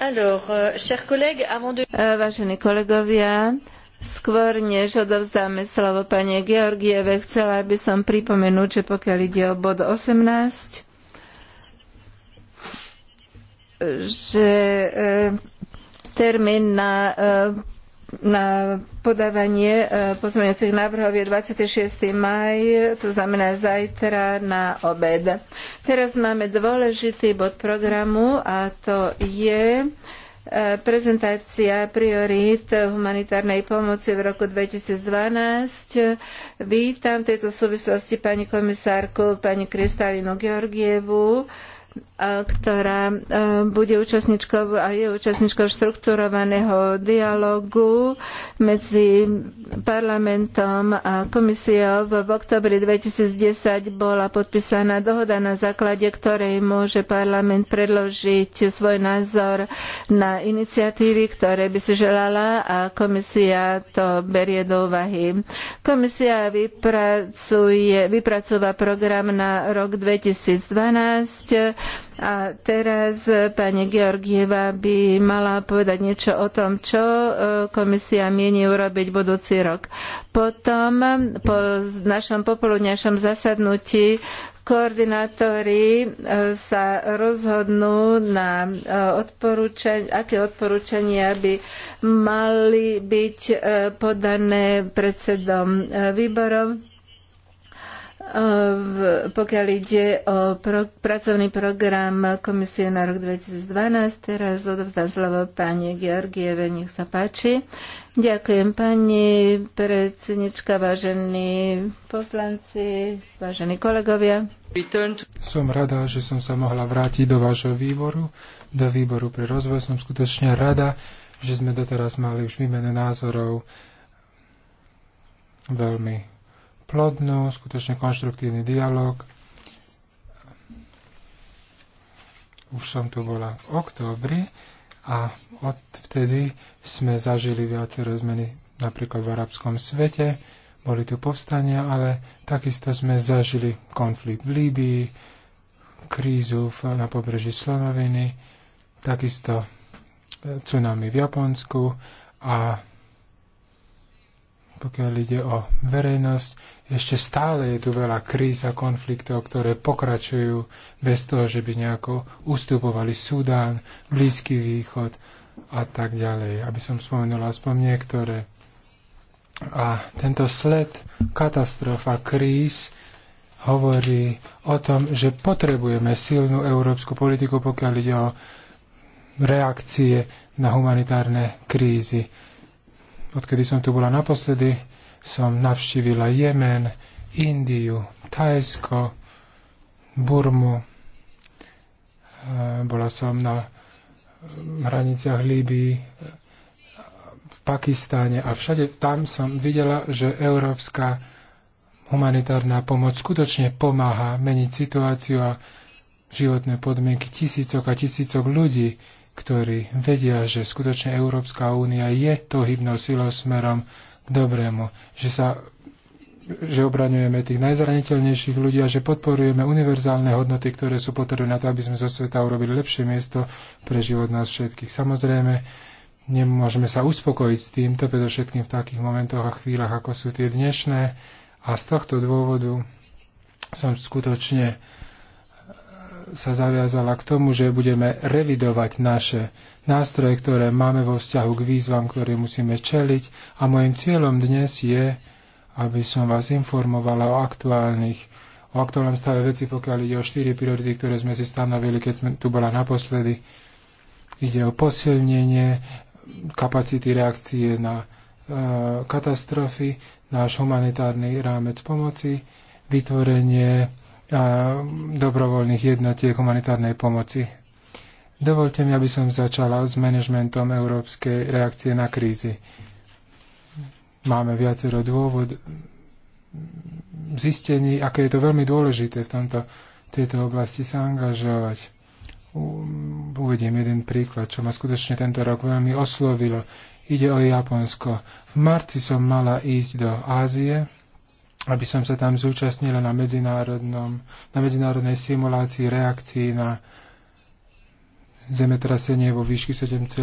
Euh, eh, vážení kolegovia, skôr než odovzdáme slovo pani Georgieve, chcela by som pripomenúť, že pokiaľ ide o bod 18, že eh, termín na eh, na podávanie e, pozmeňujúcich návrhov je 26. maj, to znamená zajtra na obed. Teraz máme dôležitý bod programu a to je e, prezentácia priorít humanitárnej pomoci v roku 2012. Vítam v tejto súvislosti pani komisárku, pani Kristalinu Georgievu ktorá bude účastničkou a je účastničkou štrukturovaného dialogu medzi parlamentom a komisiou. V oktobri 2010 bola podpísaná dohoda, na základe ktorej môže parlament predložiť svoj názor na iniciatívy, ktoré by si želala a komisia to berie do úvahy. Komisia vypracuje, vypracúva program na rok 2012 a teraz pani Georgieva by mala povedať niečo o tom, čo e, komisia mieni urobiť budúci rok. Potom po našom popoludňašom zasadnutí koordinátori e, sa rozhodnú na e, odporúčania, aké odporúčania by mali byť podané predsedom výborov pokiaľ ide o pro, pracovný program Komisie na rok 2012, teraz odovzdám slovo pani Georgieve, nech sa páči. Ďakujem pani predsednička, vážení poslanci, vážení kolegovia. Som rada, že som sa mohla vrátiť do vášho výboru, do výboru pre rozvoj. Som skutočne rada, že sme doteraz mali už výmene názorov veľmi plodnú, skutočne konštruktívny dialog. Už som tu bola v októbri a odvtedy sme zažili viacero zmeny napríklad v arabskom svete, boli tu povstania, ale takisto sme zažili konflikt v Líbii, krízu na pobreží Slonoviny, takisto e, tsunami v Japonsku a pokiaľ ide o verejnosť. Ešte stále je tu veľa kríz a konfliktov, ktoré pokračujú bez toho, že by nejako ustupovali Sudán, Blízky východ a tak ďalej. Aby som spomenula aspoň niektoré. A tento sled katastrofa kríz hovorí o tom, že potrebujeme silnú európsku politiku, pokiaľ ide o reakcie na humanitárne krízy odkedy som tu bola naposledy, som navštívila Jemen, Indiu, Tajsko, Burmu. E, bola som na hraniciach Líbii, v Pakistáne a všade tam som videla, že európska humanitárna pomoc skutočne pomáha meniť situáciu a životné podmienky tisícok a tisícok ľudí ktorí vedia, že skutočne Európska únia je to hybnou silou smerom k dobrému, že sa že obraňujeme tých najzraniteľnejších ľudí a že podporujeme univerzálne hodnoty, ktoré sú potrebné na to, aby sme zo sveta urobili lepšie miesto pre život nás všetkých. Samozrejme, nemôžeme sa uspokojiť s týmto, predovšetkým v takých momentoch a chvíľach, ako sú tie dnešné. A z tohto dôvodu som skutočne sa zaviazala k tomu, že budeme revidovať naše nástroje, ktoré máme vo vzťahu k výzvam, ktoré musíme čeliť. A môjim cieľom dnes je, aby som vás informovala o aktuálnych o aktuálnom stave veci, pokiaľ ide o štyri priority, ktoré sme si stanovili, keď sme tu bola naposledy. Ide o posilnenie kapacity reakcie na e, katastrofy, náš humanitárny rámec pomoci, vytvorenie dobrovoľných jednotiek humanitárnej pomoci. Dovolte mi, aby som začala s manažmentom európskej reakcie na krízy. Máme viacero dôvod zistení, aké je to veľmi dôležité v tomto, tejto oblasti sa angažovať. Uvediem jeden príklad, čo ma skutočne tento rok veľmi oslovilo. Ide o Japonsko. V marci som mala ísť do Ázie, aby som sa tam zúčastnila na, medzinárodnom, na medzinárodnej simulácii reakcií na zemetrasenie vo výšky 7,5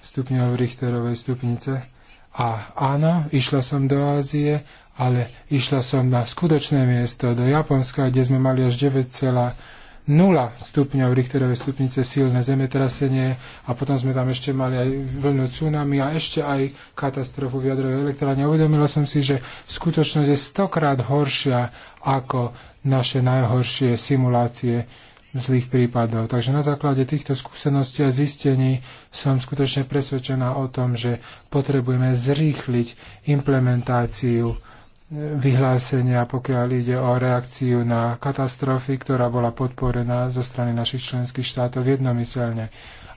stupňov Richterovej stupnice. A áno, išla som do Ázie, ale išla som na skutočné miesto, do Japonska, kde sme mali až 0 stupňov Richterovej stupnice silné zemetrasenie a potom sme tam ešte mali aj vlnu tsunami a ešte aj katastrofu v jadrovej elektrárne. Uvedomila som si, že skutočnosť je stokrát horšia ako naše najhoršie simulácie zlých prípadov. Takže na základe týchto skúseností a zistení som skutočne presvedčená o tom, že potrebujeme zrýchliť implementáciu vyhlásenia, pokiaľ ide o reakciu na katastrofy, ktorá bola podporená zo strany našich členských štátov jednomyselne.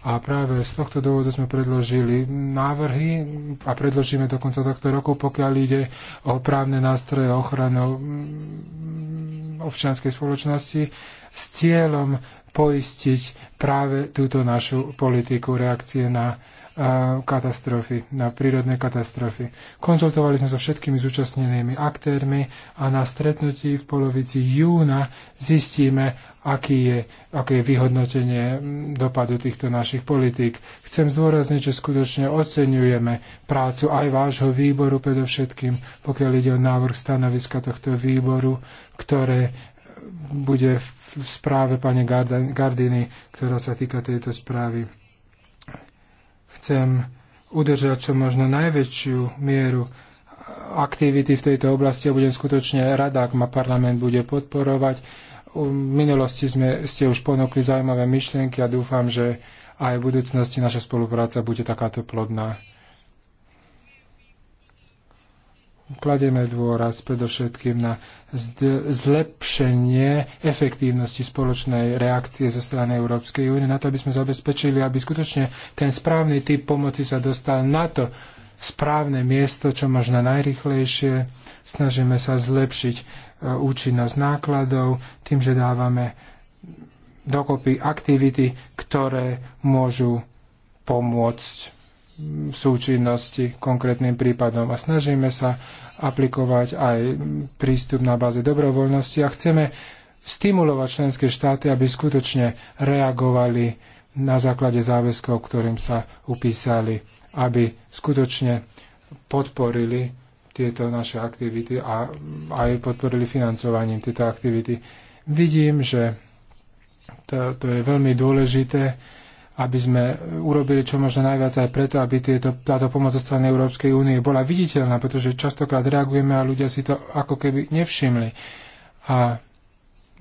A práve z tohto dôvodu sme predložili návrhy a predložíme do konca tohto roku, pokiaľ ide o právne nástroje ochranu mm, občianskej spoločnosti s cieľom poistiť práve túto našu politiku reakcie na katastrofy, na prírodné katastrofy. Konzultovali sme so všetkými zúčastnenými aktérmi a na stretnutí v polovici júna zistíme, aký je, aké je vyhodnotenie dopadu týchto našich politík. Chcem zdôrazniť, že skutočne oceňujeme prácu aj vášho výboru, predovšetkým pokiaľ ide o návrh stanoviska tohto výboru, ktoré bude v správe pani Gardiny, ktorá sa týka tejto správy. Chcem udržať čo možno najväčšiu mieru aktivity v tejto oblasti a budem skutočne rada, ak ma parlament bude podporovať. V minulosti sme, ste už ponúkli zaujímavé myšlienky a dúfam, že aj v budúcnosti naša spolupráca bude takáto plodná. kladieme dôraz predovšetkým na zlepšenie efektívnosti spoločnej reakcie zo strany Európskej únie, na to, aby sme zabezpečili, aby skutočne ten správny typ pomoci sa dostal na to správne miesto, čo možno najrychlejšie. Snažíme sa zlepšiť e, účinnosť nákladov tým, že dávame dokopy aktivity, ktoré môžu pomôcť v súčinnosti konkrétnym prípadom a snažíme sa aplikovať aj prístup na báze dobrovoľnosti a chceme stimulovať členské štáty, aby skutočne reagovali na základe záväzkov, ktorým sa upísali, aby skutočne podporili tieto naše aktivity a aj podporili financovaním tieto aktivity. Vidím, že to, to je veľmi dôležité, aby sme urobili čo možno najviac aj preto, aby tieto, táto pomoc zo strany Európskej únie bola viditeľná, pretože častokrát reagujeme a ľudia si to ako keby nevšimli. A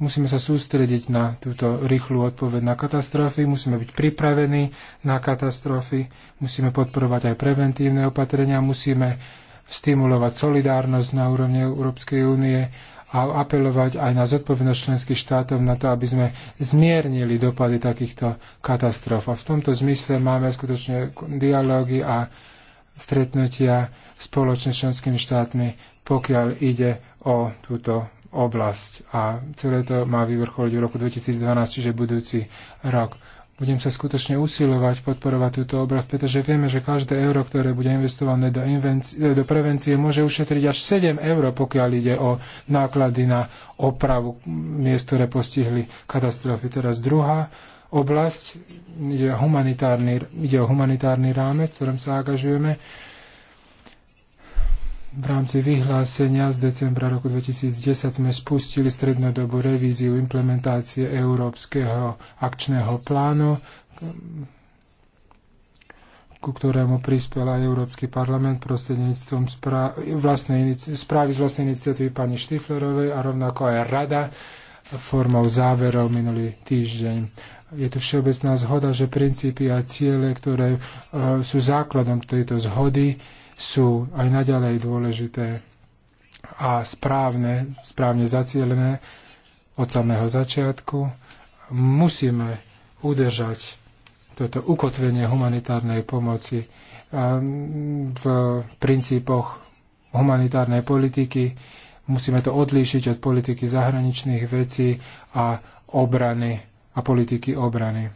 musíme sa sústrediť na túto rýchlu odpoveď na katastrofy, musíme byť pripravení na katastrofy, musíme podporovať aj preventívne opatrenia, musíme stimulovať solidárnosť na úrovni Európskej únie a apelovať aj na zodpovednosť členských štátov na to, aby sme zmiernili dopady takýchto katastrof. A v tomto zmysle máme skutočne dialógy a stretnutia spoločne s členskými štátmi, pokiaľ ide o túto oblasť. A celé to má vyvrcholiť v roku 2012, čiže budúci rok. Budem sa skutočne usilovať podporovať túto obraz, pretože vieme, že každé euro, ktoré bude investované do, eh, do prevencie, môže ušetriť až 7 eur, pokiaľ ide o náklady na opravu miest, ktoré postihli katastrofy. Teraz druhá oblasť, ide, humanitárny, ide o humanitárny rámec, v ktorom sa angažujeme v rámci vyhlásenia z decembra roku 2010 sme spustili strednodobú revíziu implementácie Európskeho akčného plánu, ku ktorému prispel aj Európsky parlament prostredníctvom správy z vlastnej iniciatívy pani Štiflerovej a rovnako aj Rada formou záverov minulý týždeň je tu všeobecná zhoda, že princípy a ciele, ktoré e, sú základom tejto zhody, sú aj naďalej dôležité a správne, správne zacielené od samého začiatku. Musíme udržať toto ukotvenie humanitárnej pomoci v princípoch humanitárnej politiky. Musíme to odlíšiť od politiky zahraničných vecí a obrany a politiky obrany.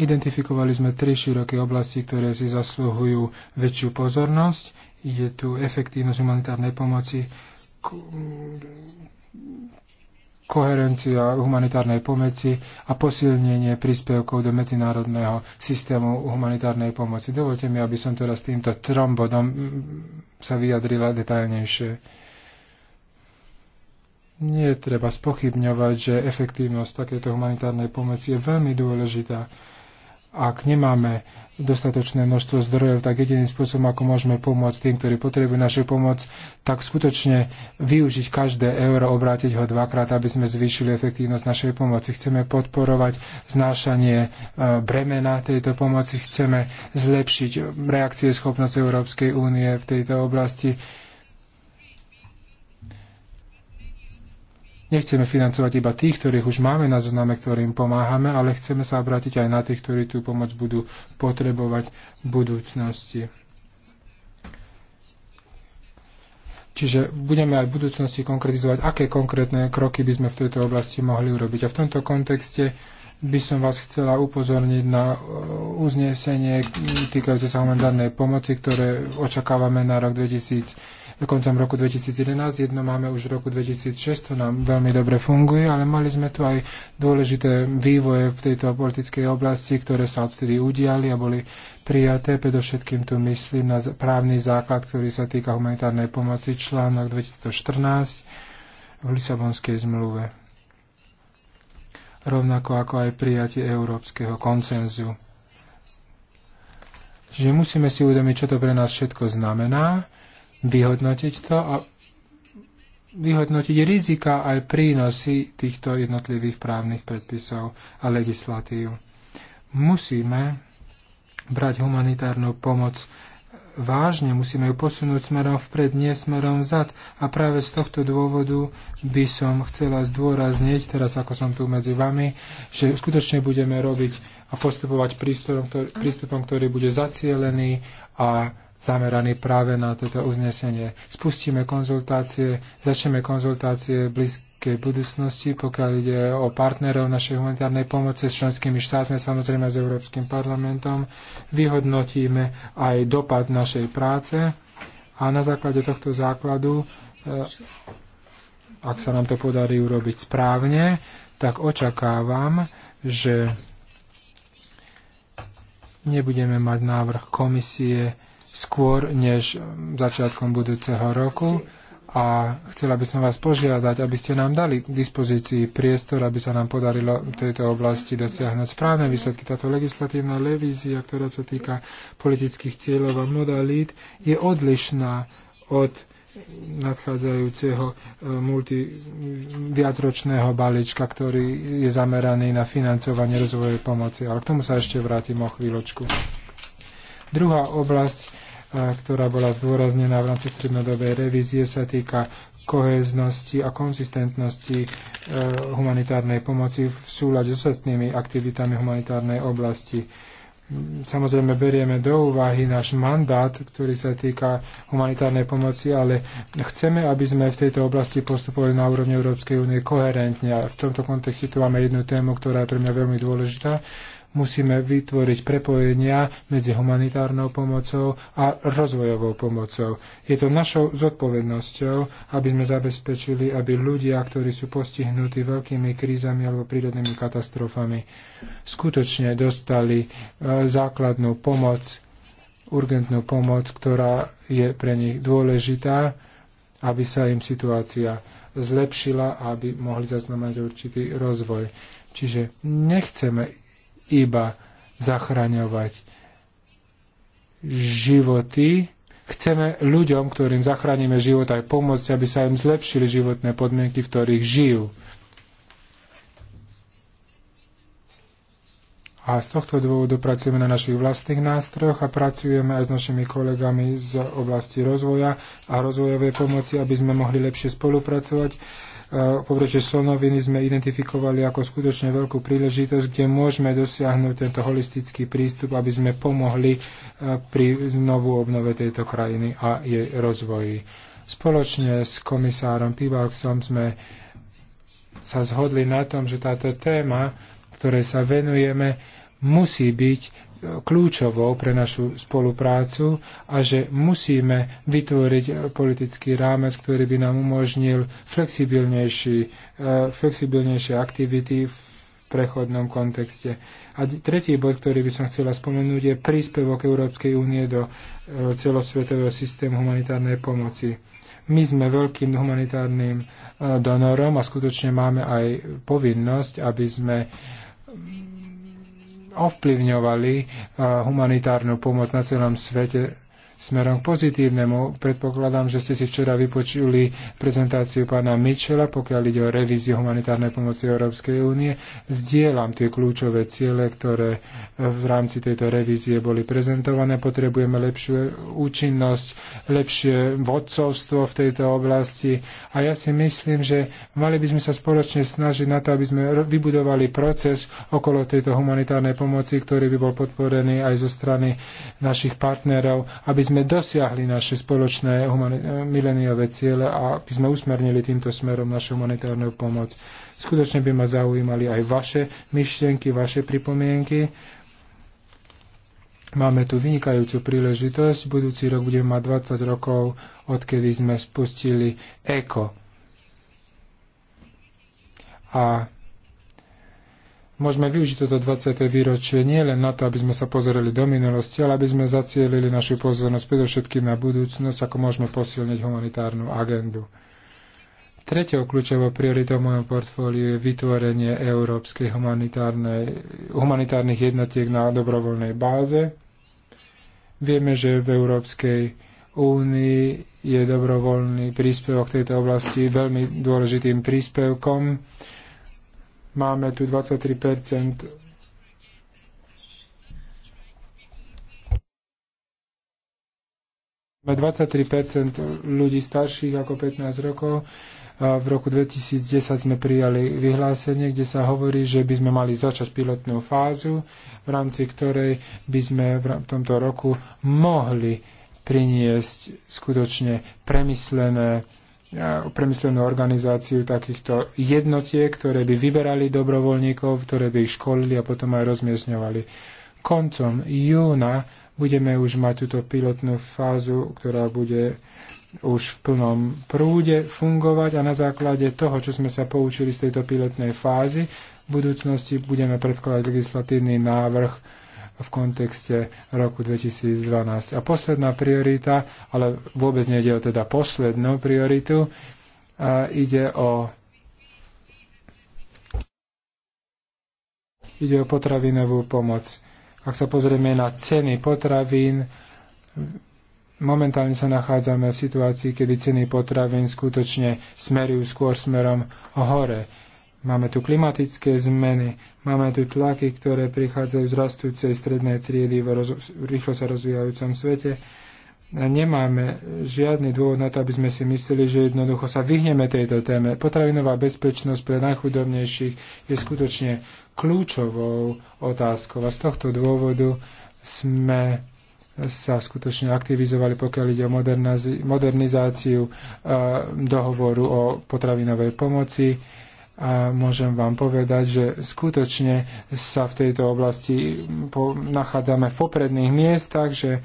Identifikovali sme tri široké oblasti, ktoré si zasluhujú väčšiu pozornosť. Je tu efektívnosť humanitárnej pomoci, koherencia humanitárnej pomoci a posilnenie príspevkov do medzinárodného systému humanitárnej pomoci. Dovolte mi, aby som teraz týmto trom bodom sa vyjadrila detailnejšie. Nie treba spochybňovať, že efektívnosť takéto humanitárnej pomoci je veľmi dôležitá ak nemáme dostatočné množstvo zdrojov, tak jediným spôsobom, ako môžeme pomôcť tým, ktorí potrebujú našu pomoc, tak skutočne využiť každé euro, obrátiť ho dvakrát, aby sme zvýšili efektívnosť našej pomoci. Chceme podporovať znášanie e, bremena tejto pomoci, chceme zlepšiť reakcie schopnosť Európskej únie v tejto oblasti Nechceme financovať iba tých, ktorých už máme na zozname, ktorým pomáhame, ale chceme sa obrátiť aj na tých, ktorí tú pomoc budú potrebovať v budúcnosti. Čiže budeme aj v budúcnosti konkretizovať, aké konkrétne kroky by sme v tejto oblasti mohli urobiť. A v tomto kontexte by som vás chcela upozorniť na e, uznesenie týkajúce sa humanitárnej pomoci, ktoré očakávame na rok 2020 koncom roku 2011, jedno máme už v roku 2006, to nám veľmi dobre funguje, ale mali sme tu aj dôležité vývoje v tejto politickej oblasti, ktoré sa odtedy udiali a boli prijaté, predovšetkým tu myslím na právny základ, ktorý sa týka humanitárnej pomoci, článok 2014 v Lisabonskej zmluve rovnako ako aj prijatie európskeho koncenzu. Čiže musíme si uvedomiť, čo to pre nás všetko znamená vyhodnotiť to a vyhodnotiť rizika aj prínosy týchto jednotlivých právnych predpisov a legislatív. Musíme brať humanitárnu pomoc vážne, musíme ju posunúť smerom vpred, nie smerom vzad. A práve z tohto dôvodu by som chcela zdôrazniť, teraz ako som tu medzi vami, že skutočne budeme robiť a postupovať prístupom, ktorý, prístupom, ktorý bude zacielený a zameraný práve na toto uznesenie. Spustíme konzultácie, začneme konzultácie v blízkej budúcnosti, pokiaľ ide o partnerov našej humanitárnej pomoci s členskými štátmi, samozrejme s Európskym parlamentom. Vyhodnotíme aj dopad našej práce a na základe tohto základu, eh, ak sa nám to podarí urobiť správne, tak očakávam, že nebudeme mať návrh komisie skôr než um, začiatkom budúceho roku a chcela by som vás požiadať, aby ste nám dali k dispozícii priestor, aby sa nám podarilo v tejto oblasti dosiahnuť správne výsledky. Táto legislatívna revízia, ktorá sa týka politických cieľov a modalít, je odlišná od nadchádzajúceho e, multi, viacročného balíčka, ktorý je zameraný na financovanie rozvojovej pomoci. Ale k tomu sa ešte vrátim o chvíľočku. Druhá oblasť ktorá bola zdôraznená v rámci strednodobej revízie, sa týka koheznosti a konzistentnosti e, humanitárnej pomoci v súľade s ostatnými aktivitami humanitárnej oblasti. Samozrejme, berieme do úvahy náš mandát, ktorý sa týka humanitárnej pomoci, ale chceme, aby sme v tejto oblasti postupovali na úrovni Európskej únie koherentne. A v tomto kontexte tu máme jednu tému, ktorá je pre mňa veľmi dôležitá, musíme vytvoriť prepojenia medzi humanitárnou pomocou a rozvojovou pomocou. Je to našou zodpovednosťou, aby sme zabezpečili, aby ľudia, ktorí sú postihnutí veľkými krízami alebo prírodnými katastrofami, skutočne dostali e, základnú pomoc, urgentnú pomoc, ktorá je pre nich dôležitá, aby sa im situácia zlepšila, aby mohli zaznamenať určitý rozvoj. Čiže nechceme iba zachraňovať životy, chceme ľuďom, ktorým zachránime život, aj pomôcť, aby sa im zlepšili životné podmienky, v ktorých žijú. A z tohto dôvodu pracujeme na našich vlastných nástrojoch a pracujeme aj s našimi kolegami z oblasti rozvoja a rozvojovej pomoci, aby sme mohli lepšie spolupracovať Eh, pobrežie Slonoviny sme identifikovali ako skutočne veľkú príležitosť, kde môžeme dosiahnuť tento holistický prístup, aby sme pomohli eh, pri znovu obnove tejto krajiny a jej rozvoji. Spoločne s komisárom Pivalksom sme sa zhodli na tom, že táto téma, ktorej sa venujeme, musí byť e, kľúčovou pre našu spoluprácu a že musíme vytvoriť e, politický rámec, ktorý by nám umožnil e, flexibilnejšie aktivity v prechodnom kontexte. A tretí bod, ktorý by som chcela spomenúť, je príspevok Európskej únie do celosvetového systému humanitárnej pomoci. My sme veľkým humanitárnym donorom a skutočne máme aj povinnosť, aby sme ovplyvňovali eh, humanitárnu pomoc na celom svete smerom k pozitívnemu. Predpokladám, že ste si včera vypočuli prezentáciu pána Mitchella, pokiaľ ide o revíziu humanitárnej pomoci Európskej únie. Zdieľam tie kľúčové ciele, ktoré v rámci tejto revízie boli prezentované. Potrebujeme lepšiu účinnosť, lepšie vodcovstvo v tejto oblasti a ja si myslím, že mali by sme sa spoločne snažiť na to, aby sme vybudovali proces okolo tejto humanitárnej pomoci, ktorý by bol podporený aj zo strany našich partnerov, aby sme dosiahli naše spoločné mileniové ciele a by sme usmernili týmto smerom našu humanitárnu pomoc. Skutočne by ma zaujímali aj vaše myšlienky, vaše pripomienky. Máme tu vynikajúcu príležitosť. Budúci rok budeme mať 20 rokov, odkedy sme spustili ECO. A Môžeme využiť toto 20. výročie nie len na to, aby sme sa pozerali do minulosti, ale aby sme zacielili našu pozornosť predovšetkým na budúcnosť, ako môžeme posilniť humanitárnu agendu. Tretou kľúčovou prioritou v mojom portfóliu je vytvorenie európskej humanitárnych jednotiek na dobrovoľnej báze. Vieme, že v Európskej únii je dobrovoľný príspevok tejto oblasti veľmi dôležitým príspevkom Máme tu 23 23 ľudí starších ako 15 rokov. V roku 2010 sme prijali vyhlásenie, kde sa hovorí, že by sme mali začať pilotnú fázu, v rámci ktorej by sme v tomto roku mohli priniesť skutočne premyslené priemyselnú organizáciu takýchto jednotiek, ktoré by vyberali dobrovoľníkov, ktoré by ich školili a potom aj rozmiestňovali. Koncom júna budeme už mať túto pilotnú fázu, ktorá bude už v plnom prúde fungovať a na základe toho, čo sme sa poučili z tejto pilotnej fázy, v budúcnosti budeme predkladať legislatívny návrh v kontexte roku 2012. A posledná priorita, ale vôbec nejde o teda poslednú prioritu, a ide o ide o potravinovú pomoc. Ak sa pozrieme na ceny potravín, momentálne sa nachádzame v situácii, kedy ceny potravín skutočne smerujú skôr smerom hore. Máme tu klimatické zmeny, máme tu tlaky, ktoré prichádzajú z rastúcej strednej triedy v, v rýchlo sa rozvíjajúcom svete. Nemáme žiadny dôvod na to, aby sme si mysleli, že jednoducho sa vyhneme tejto téme. Potravinová bezpečnosť pre najchudobnejších je skutočne kľúčovou otázkou a z tohto dôvodu sme sa skutočne aktivizovali, pokiaľ ide o modernizáciu dohovoru o potravinovej pomoci a môžem vám povedať, že skutočne sa v tejto oblasti nachádzame v popredných miestach, že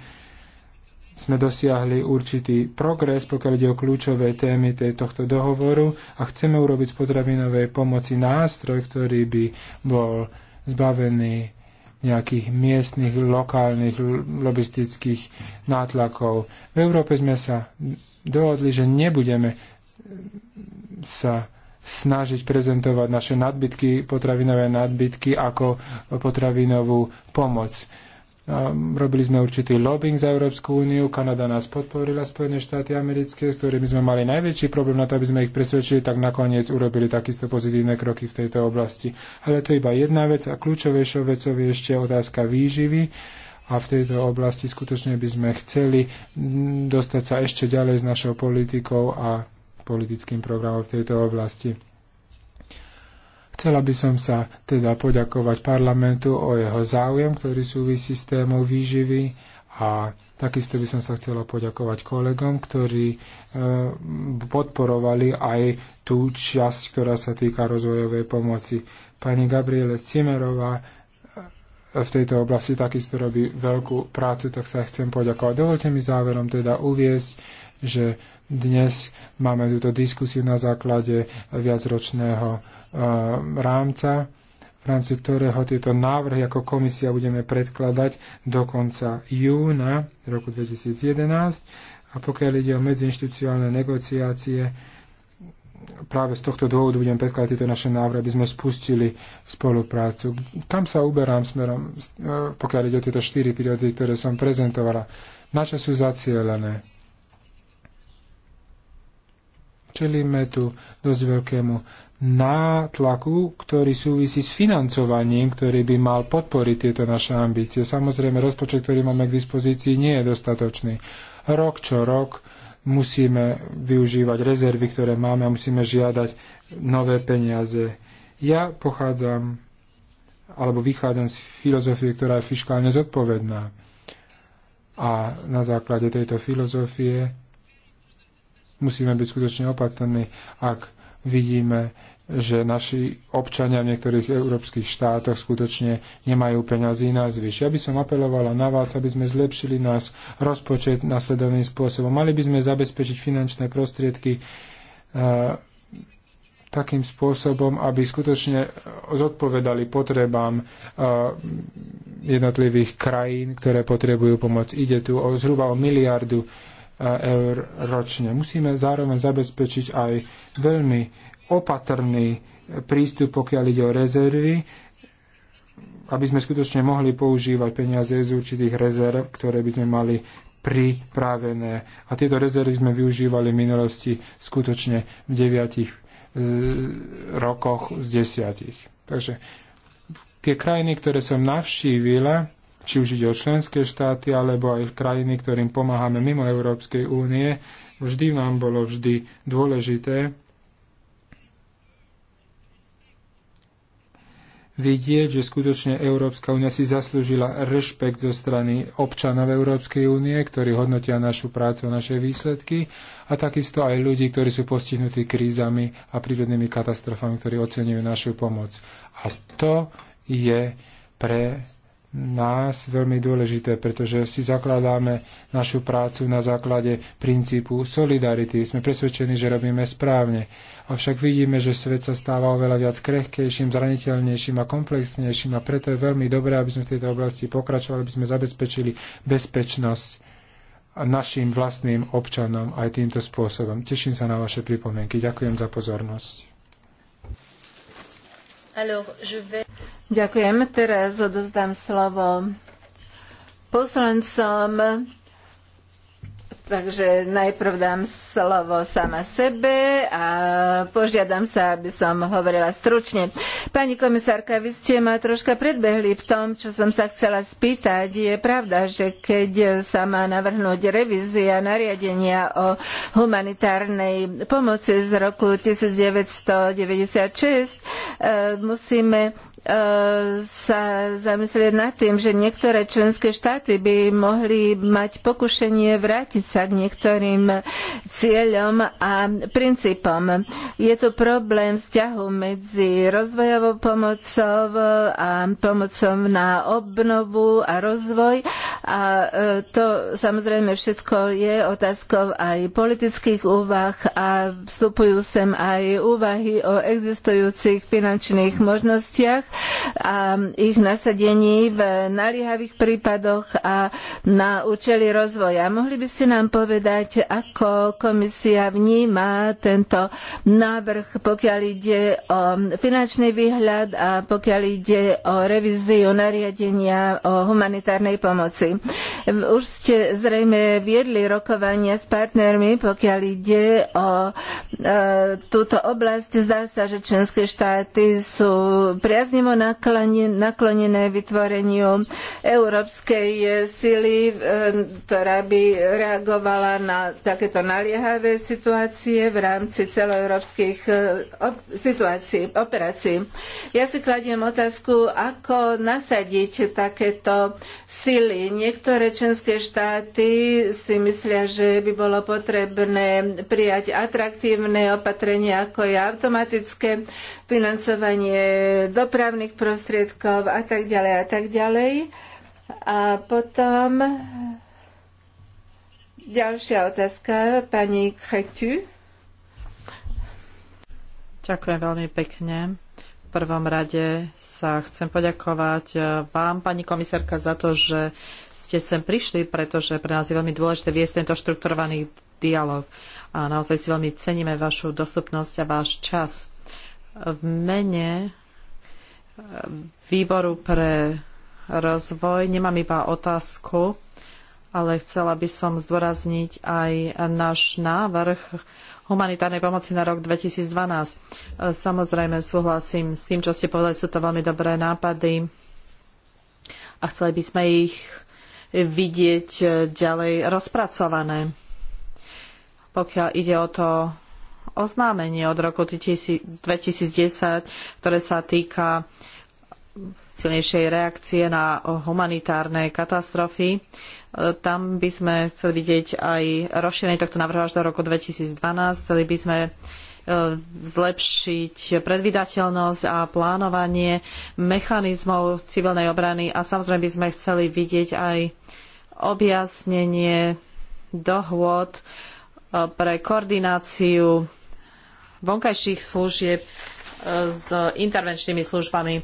sme dosiahli určitý progres, pokiaľ ide o kľúčové témy tej, tohto dohovoru a chceme urobiť z potravinovej pomoci nástroj, ktorý by bol zbavený nejakých miestnych, lokálnych, lobistických nátlakov. V Európe sme sa dohodli, že nebudeme sa snažiť prezentovať naše nadbytky, potravinové nadbytky ako potravinovú pomoc. Robili sme určitý lobbying za Európsku úniu, Kanada nás podporila, Spojené štáty americké, s ktorými sme mali najväčší problém na to, aby sme ich presvedčili, tak nakoniec urobili takisto pozitívne kroky v tejto oblasti. Ale to je iba jedna vec a kľúčovejšou vecou je ešte otázka výživy a v tejto oblasti skutočne by sme chceli dostať sa ešte ďalej s našou politikou a politickým programom v tejto oblasti. Chcela by som sa teda poďakovať parlamentu o jeho záujem, ktorý súvisí s témou výživy a takisto by som sa chcela poďakovať kolegom, ktorí e, podporovali aj tú časť, ktorá sa týka rozvojovej pomoci. Pani Gabriele Cimerová v tejto oblasti takisto robí veľkú prácu, tak sa chcem poďakovať. Dovolte mi záverom teda uviezť, že dnes máme túto diskusiu na základe viacročného eh, rámca, v rámci ktorého tieto návrhy ako komisia budeme predkladať do konca júna roku 2011. A pokiaľ ide o medziinstitucionálne negociácie, práve z tohto dôvodu budem predkladať tieto naše návrhy, aby sme spustili spoluprácu. Kam sa uberám smerom, e, pokiaľ ide o tieto štyri priority, ktoré som prezentovala? Na čo sú zacielené? Čelíme tu dosť veľkému nátlaku, ktorý súvisí s financovaním, ktorý by mal podporiť tieto naše ambície. Samozrejme, rozpočet, ktorý máme k dispozícii, nie je dostatočný. Rok čo rok musíme využívať rezervy, ktoré máme a musíme žiadať nové peniaze. Ja pochádzam alebo vychádzam z filozofie, ktorá je fiskálne zodpovedná. A na základe tejto filozofie musíme byť skutočne opatrní, ak vidíme, že naši občania v niektorých európskych štátoch skutočne nemajú peňazí na zvyš. Ja by som apelovala na vás, aby sme zlepšili nás rozpočet nasledovným spôsobom. Mali by sme zabezpečiť finančné prostriedky e, takým spôsobom, aby skutočne zodpovedali potrebám e, jednotlivých krajín, ktoré potrebujú pomoc. Ide tu o zhruba o miliardu e, eur ročne. Musíme zároveň zabezpečiť aj veľmi opatrný prístup, pokiaľ ide o rezervy, aby sme skutočne mohli používať peniaze z určitých rezerv, ktoré by sme mali pripravené. A tieto rezervy sme využívali v minulosti skutočne v deviatich e, rokoch z desiatich. Takže tie krajiny, ktoré som navštívila, či už ide o členské štáty, alebo aj krajiny, ktorým pomáhame mimo Európskej únie, vždy nám bolo vždy dôležité vidieť, že skutočne Európska únia si zaslúžila rešpekt zo strany občanov Európskej únie, ktorí hodnotia našu prácu a naše výsledky a takisto aj ľudí, ktorí sú postihnutí krízami a prírodnými katastrofami, ktorí ocenujú našu pomoc. A to je pre nás veľmi dôležité, pretože si zakladáme našu prácu na základe princípu solidarity. Sme presvedčení, že robíme správne. Avšak vidíme, že svet sa stáva oveľa viac krehkejším, zraniteľnejším a komplexnejším a preto je veľmi dobré, aby sme v tejto oblasti pokračovali, aby sme zabezpečili bezpečnosť našim vlastným občanom aj týmto spôsobom. Teším sa na vaše pripomienky. Ďakujem za pozornosť. Alors, je vais... Ďakujem. Teraz odozdám slovo poslancom Takže najprv dám slovo sama sebe a požiadam sa, aby som hovorila stručne. Pani komisárka, vy ste ma troška predbehli v tom, čo som sa chcela spýtať. Je pravda, že keď sa má navrhnúť revízia nariadenia o humanitárnej pomoci z roku 1996, e, musíme sa zamyslieť nad tým, že niektoré členské štáty by mohli mať pokušenie vrátiť sa k niektorým cieľom a princípom. Je to problém vzťahu medzi rozvojovou pomocou a pomocou na obnovu a rozvoj a e, to samozrejme všetko je otázkou aj politických úvah a vstupujú sem aj úvahy o existujúcich finančných možnostiach a ich nasadení v naliehavých prípadoch a na účely rozvoja. Mohli by ste nám povedať, ako komisia vníma tento návrh, pokiaľ ide o finančný výhľad a pokiaľ ide o revíziu nariadenia o humanitárnej pomoci. Už ste zrejme viedli rokovania s partnermi, pokiaľ ide o e, túto oblasť. Zdá sa, že členské štáty sú priaznivé priamo naklonené vytvoreniu európskej sily, e, ktorá by reagovala na takéto naliehavé situácie v rámci celoeurópskych e, situácií, operácií. Ja si kladiem otázku, ako nasadiť takéto sily. Niektoré členské štáty si myslia, že by bolo potrebné prijať atraktívne opatrenia, ako je automatické financovanie dopravy opravných prostriedkov a tak ďalej a tak ďalej. A potom ďalšia otázka pani Kretu. Ďakujem veľmi pekne. V prvom rade sa chcem poďakovať eh, vám, pani komisárka, za to, že ste sem prišli, pretože pre nás je veľmi dôležité viesť tento štrukturovaný dialog. A naozaj si veľmi ceníme vašu dostupnosť a váš čas. V mene výboru pre rozvoj. Nemám iba otázku, ale chcela by som zdôrazniť aj náš návrh humanitárnej pomoci na rok 2012. Samozrejme súhlasím s tým, čo ste povedali, sú to veľmi dobré nápady a chceli by sme ich vidieť ďalej rozpracované. Pokiaľ ide o to oznámenie od roku 2010, ktoré sa týka silnejšej reakcie na humanitárne katastrofy. Tam by sme chceli vidieť aj rozšírenie tohto návrhu až do roku 2012. Chceli by sme e, zlepšiť predvydateľnosť a plánovanie mechanizmov civilnej obrany a samozrejme by sme chceli vidieť aj objasnenie dohôd e, pre koordináciu vonkajších služieb e, s intervenčnými službami.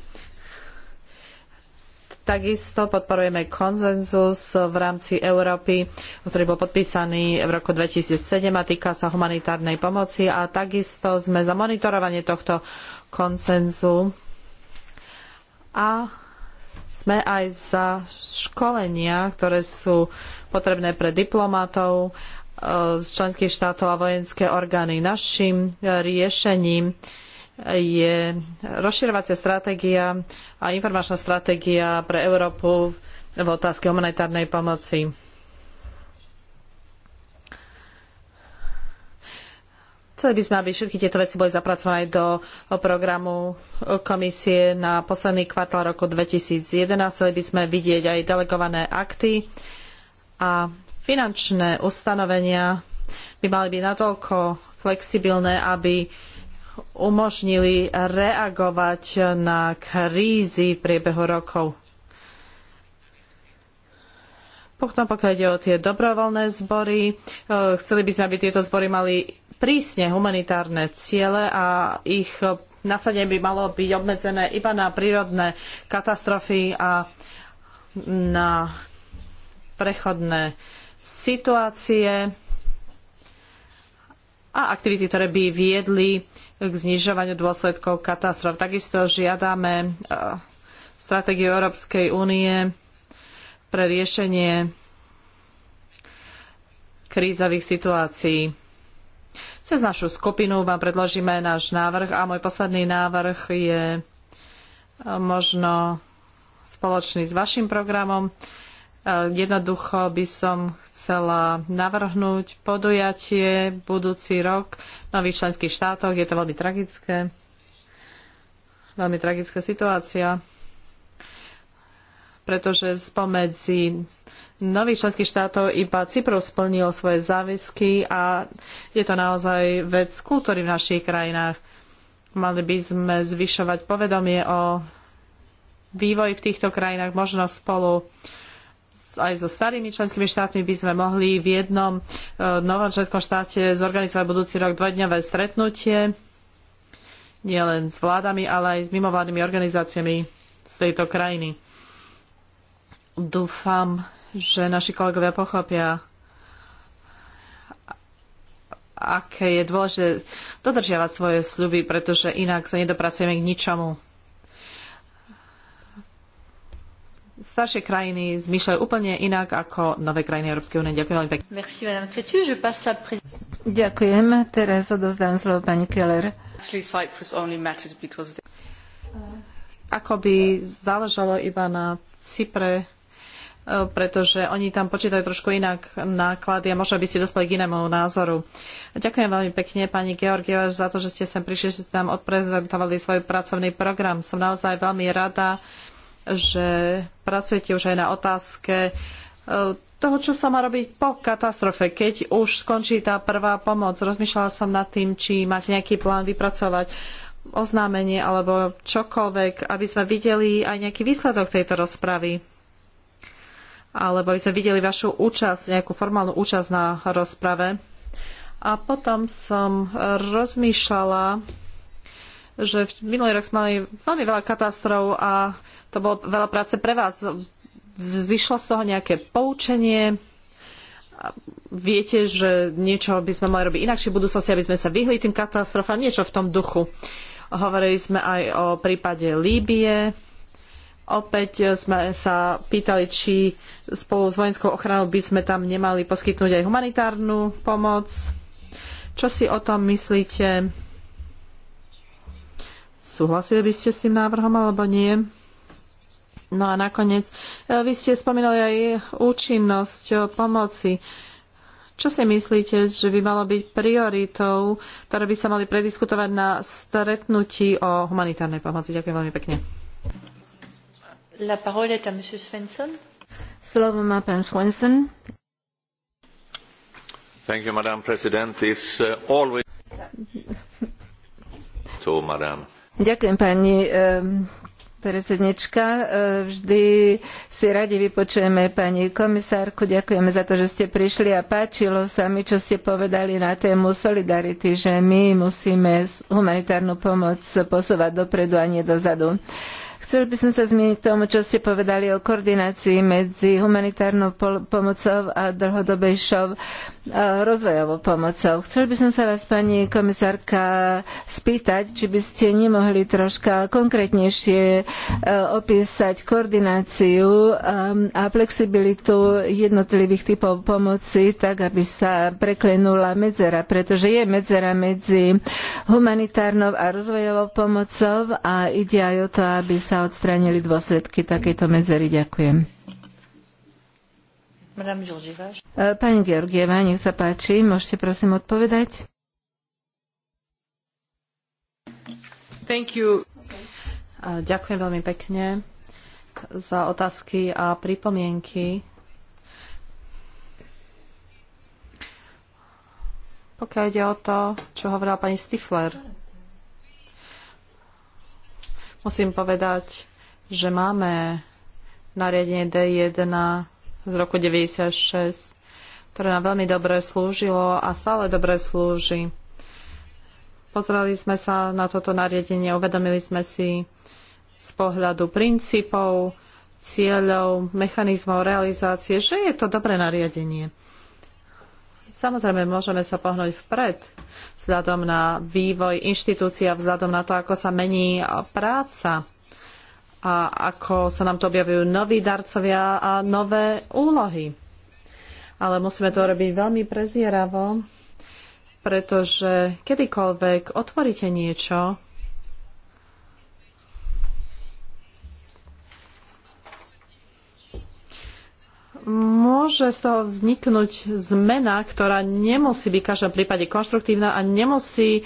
Takisto podporujeme konzenzus v rámci Európy, ktorý bol podpísaný v roku 2007 a týka sa humanitárnej pomoci a takisto sme za monitorovanie tohto konsenzu a sme aj za školenia, ktoré sú potrebné pre diplomatov z členských štátov a vojenské orgány. Naším e, riešením je rozširovacia stratégia a informačná stratégia pre Európu v otázke humanitárnej pomoci. Chceli by sme, aby všetky tieto veci boli zapracované do programu komisie na posledný kvartál roku 2011. Chceli by sme vidieť aj delegované akty a finančné ustanovenia by mali byť natoľko flexibilné, aby umožnili reagovať na krízy v priebehu rokov. Potom pokiaľ ide o tie dobrovoľné zbory, e, chceli by sme, aby tieto zbory mali prísne humanitárne ciele a ich nasadenie by malo byť obmedzené iba na prírodné katastrofy a na prechodné situácie a aktivity, ktoré by viedli k znižovaniu dôsledkov katastrof. Takisto žiadame e, stratégiu Európskej únie pre riešenie krízových situácií. Cez našu skupinu vám predložíme náš návrh a môj posledný návrh je e, možno spoločný s vašim programom. Eh, jednoducho by som chcela navrhnúť podujatie budúci rok v nových členských štátoch. Je to veľmi tragické. Veľmi tragická situácia, pretože spomedzi nových členských štátov iba Cyprus splnil svoje záväzky a je to naozaj vec kultúry v našich krajinách. Mali by sme zvyšovať povedomie o vývoji v týchto krajinách, možno spolu uh, aj so starými členskými štátmi by sme mohli v jednom e, novom členskom štáte zorganizovať budúci rok dvojdňové stretnutie, nielen s vládami, ale aj s mimovládnymi organizáciami z tejto krajiny. Dúfam, že naši kolegovia pochopia, aké je dôležité dodržiavať svoje sľuby, pretože inak sa nedopracujeme k ničomu. staršie krajiny zmýšľajú úplne inak ako nové krajiny Európskej únie. Ďakujem veľmi pekne. Merci, Madame Cretu. Je passe à Ďakujem. Teraz odovzdám slovo pani Keller. Ako by záležalo iba na Cypre, eh, pretože oni tam počítajú trošku inak náklady a možno by ste dostali k inému názoru. Ďakujem veľmi pekne pani Georgieva za to, že ste sem prišli, že ste nám odprezentovali svoj pracovný program. Som naozaj veľmi rada, že pracujete už aj na otázke e, toho, čo sa má robiť po katastrofe, keď už skončí tá prvá pomoc. Rozmýšľala som nad tým, či máte nejaký plán vypracovať oznámenie alebo čokoľvek, aby sme videli aj nejaký výsledok tejto rozpravy. Alebo aby sme videli vašu účasť, nejakú formálnu účasť na rozprave. A potom som rozmýšľala že v minulý rok sme mali veľmi veľa katastrof a to bolo veľa práce pre vás. Zišlo z toho nejaké poučenie? Viete, že niečo by sme mali robiť inakšie v budúcnosti, aby sme sa vyhli tým katastrofám? Niečo v tom duchu. Hovorili sme aj o prípade Líbie. Opäť sme sa pýtali, či spolu s vojenskou ochranou by sme tam nemali poskytnúť aj humanitárnu pomoc. Čo si o tom myslíte? Súhlasili by ste s tým návrhom alebo nie? No a nakoniec, e, vy ste spomínali aj účinnosť e, pomoci. Čo si myslíte, že by malo byť prioritou, ktoré by sa mali prediskutovať na stretnutí o humanitárnej pomoci? Ďakujem veľmi pekne. La parole est à monsieur Svensson. Slovo má pán Svensson. Thank you, madame president. It's uh, always... So, madame. Ďakujem pani predsednička. Vždy si radi vypočujeme pani komisárku. Ďakujeme za to, že ste prišli a páčilo sa mi, čo ste povedali na tému solidarity, že my musíme humanitárnu pomoc posúvať dopredu a nie dozadu. Chcel by som sa zmieniť k tomu, čo ste povedali o koordinácii medzi humanitárnou pomocou a dlhodobejšou Eh, rozvojovou pomocou. Chcel by som sa vás, pani komisárka, spýtať, či by ste nemohli troška konkrétnejšie eh, opísať koordináciu eh, a flexibilitu jednotlivých typov pomoci, tak aby sa preklenula medzera, pretože je medzera medzi humanitárnou a rozvojovou pomocou a ide aj o to, aby sa odstránili dôsledky takejto medzery. Ďakujem. E, pani Georgieva, nech sa páči, môžete prosím odpovedať. Thank you. Ďakujem veľmi pekne za otázky a pripomienky. Pokiaľ ide o to, čo hovorila pani Stifler, musím povedať, že máme nariadenie D1 z roku 96, ktoré nám veľmi dobre slúžilo a stále dobre slúži. Pozreli sme sa na toto nariadenie, uvedomili sme si z pohľadu princípov, cieľov, mechanizmov realizácie, že je to dobré nariadenie. Samozrejme, môžeme sa pohnúť vpred vzhľadom na vývoj inštitúcia, vzhľadom na to, ako sa mení práca a ako sa nám to objavujú noví darcovia a nové úlohy. Ale musíme to robiť veľmi prezieravo, pretože kedykoľvek otvoríte niečo, môže z toho vzniknúť zmena, ktorá nemusí byť v každom prípade konštruktívna a nemusí e,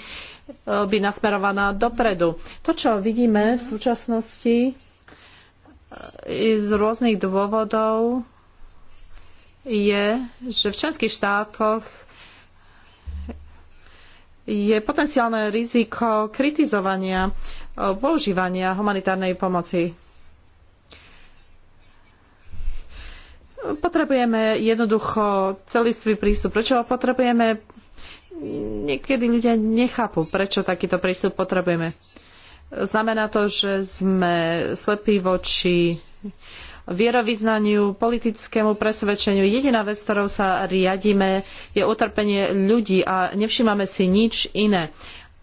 byť nasmerovaná dopredu. To, čo vidíme v súčasnosti, z rôznych dôvodov je, že v členských štátoch je potenciálne riziko kritizovania používania humanitárnej pomoci. Potrebujeme jednoducho celistvý prístup. Prečo potrebujeme? Niekedy ľudia nechápu, prečo takýto prístup potrebujeme. Znamená to, že sme slepí voči vierovýznaniu, politickému presvedčeniu. Jediná vec, ktorou sa riadíme, je utrpenie ľudí a nevšímame si nič iné.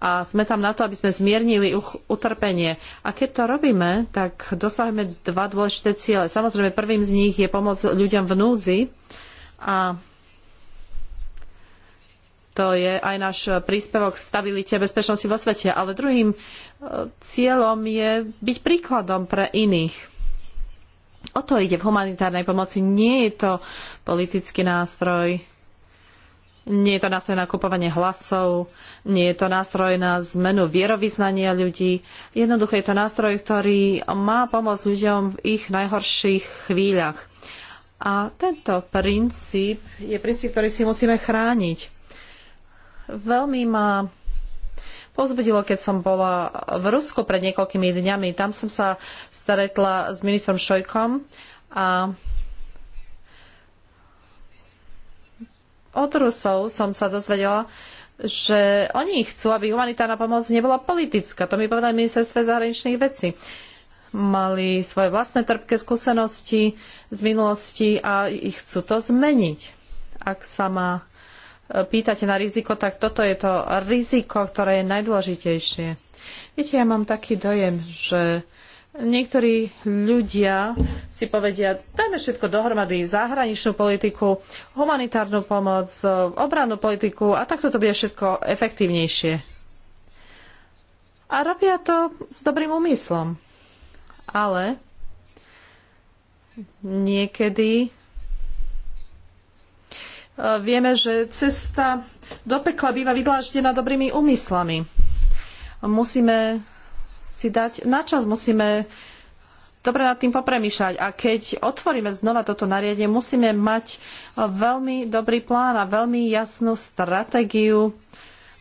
A sme tam na to, aby sme zmiernili utrpenie. A keď to robíme, tak dosahujeme dva dôležité ciele. Samozrejme, prvým z nich je pomoc ľuďom v núdzi a to je aj náš príspevok k stabilite a bezpečnosti vo svete. Ale druhým e, cieľom je byť príkladom pre iných. O to ide v humanitárnej pomoci. Nie je to politický nástroj. Nie je to nástroj na kupovanie hlasov, nie je to nástroj na zmenu vierovýznania ľudí. Jednoducho je to nástroj, ktorý má pomôcť ľuďom v ich najhorších chvíľach. A tento princíp je princíp, ktorý si musíme chrániť. Veľmi ma pozbudilo, keď som bola v Rusku pred niekoľkými dňami. Tam som sa stretla s ministrom Šojkom a od Rusov som sa dozvedela, že oni chcú, aby humanitárna pomoc nebola politická. To mi povedali ministerstve zahraničných vecí. Mali svoje vlastné trpké skúsenosti z minulosti a chcú to zmeniť. Ak sa ma pýtate na riziko, tak toto je to riziko, ktoré je najdôležitejšie. Viete, ja mám taký dojem, že niektorí ľudia si povedia, dajme všetko dohromady, zahraničnú politiku, humanitárnu pomoc, obrannú politiku a takto to bude všetko efektívnejšie. A robia to s dobrým úmyslom. Ale niekedy vieme, že cesta do pekla býva vydláždená dobrými úmyslami. Musíme si dať na čas, musíme dobre nad tým popremýšľať. A keď otvoríme znova toto nariadenie, musíme mať veľmi dobrý plán a veľmi jasnú stratégiu,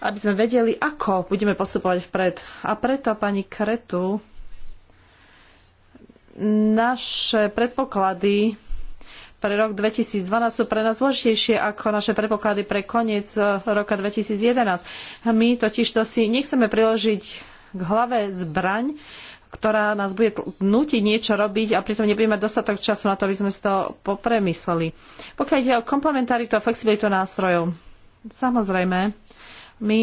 aby sme vedeli, ako budeme postupovať vpred. A preto, pani Kretu, naše predpoklady pre rok 2012 sú pre nás dôležitejšie ako naše predpoklady pre koniec eh, roka 2011. My totiž to si nechceme priložiť k hlave zbraň, ktorá nás bude nútiť niečo robiť a pritom nebudeme mať dostatok času na to, aby sme si to popremysleli. Pokiaľ ide o komplementaritu a flexibilitu nástrojov, samozrejme, my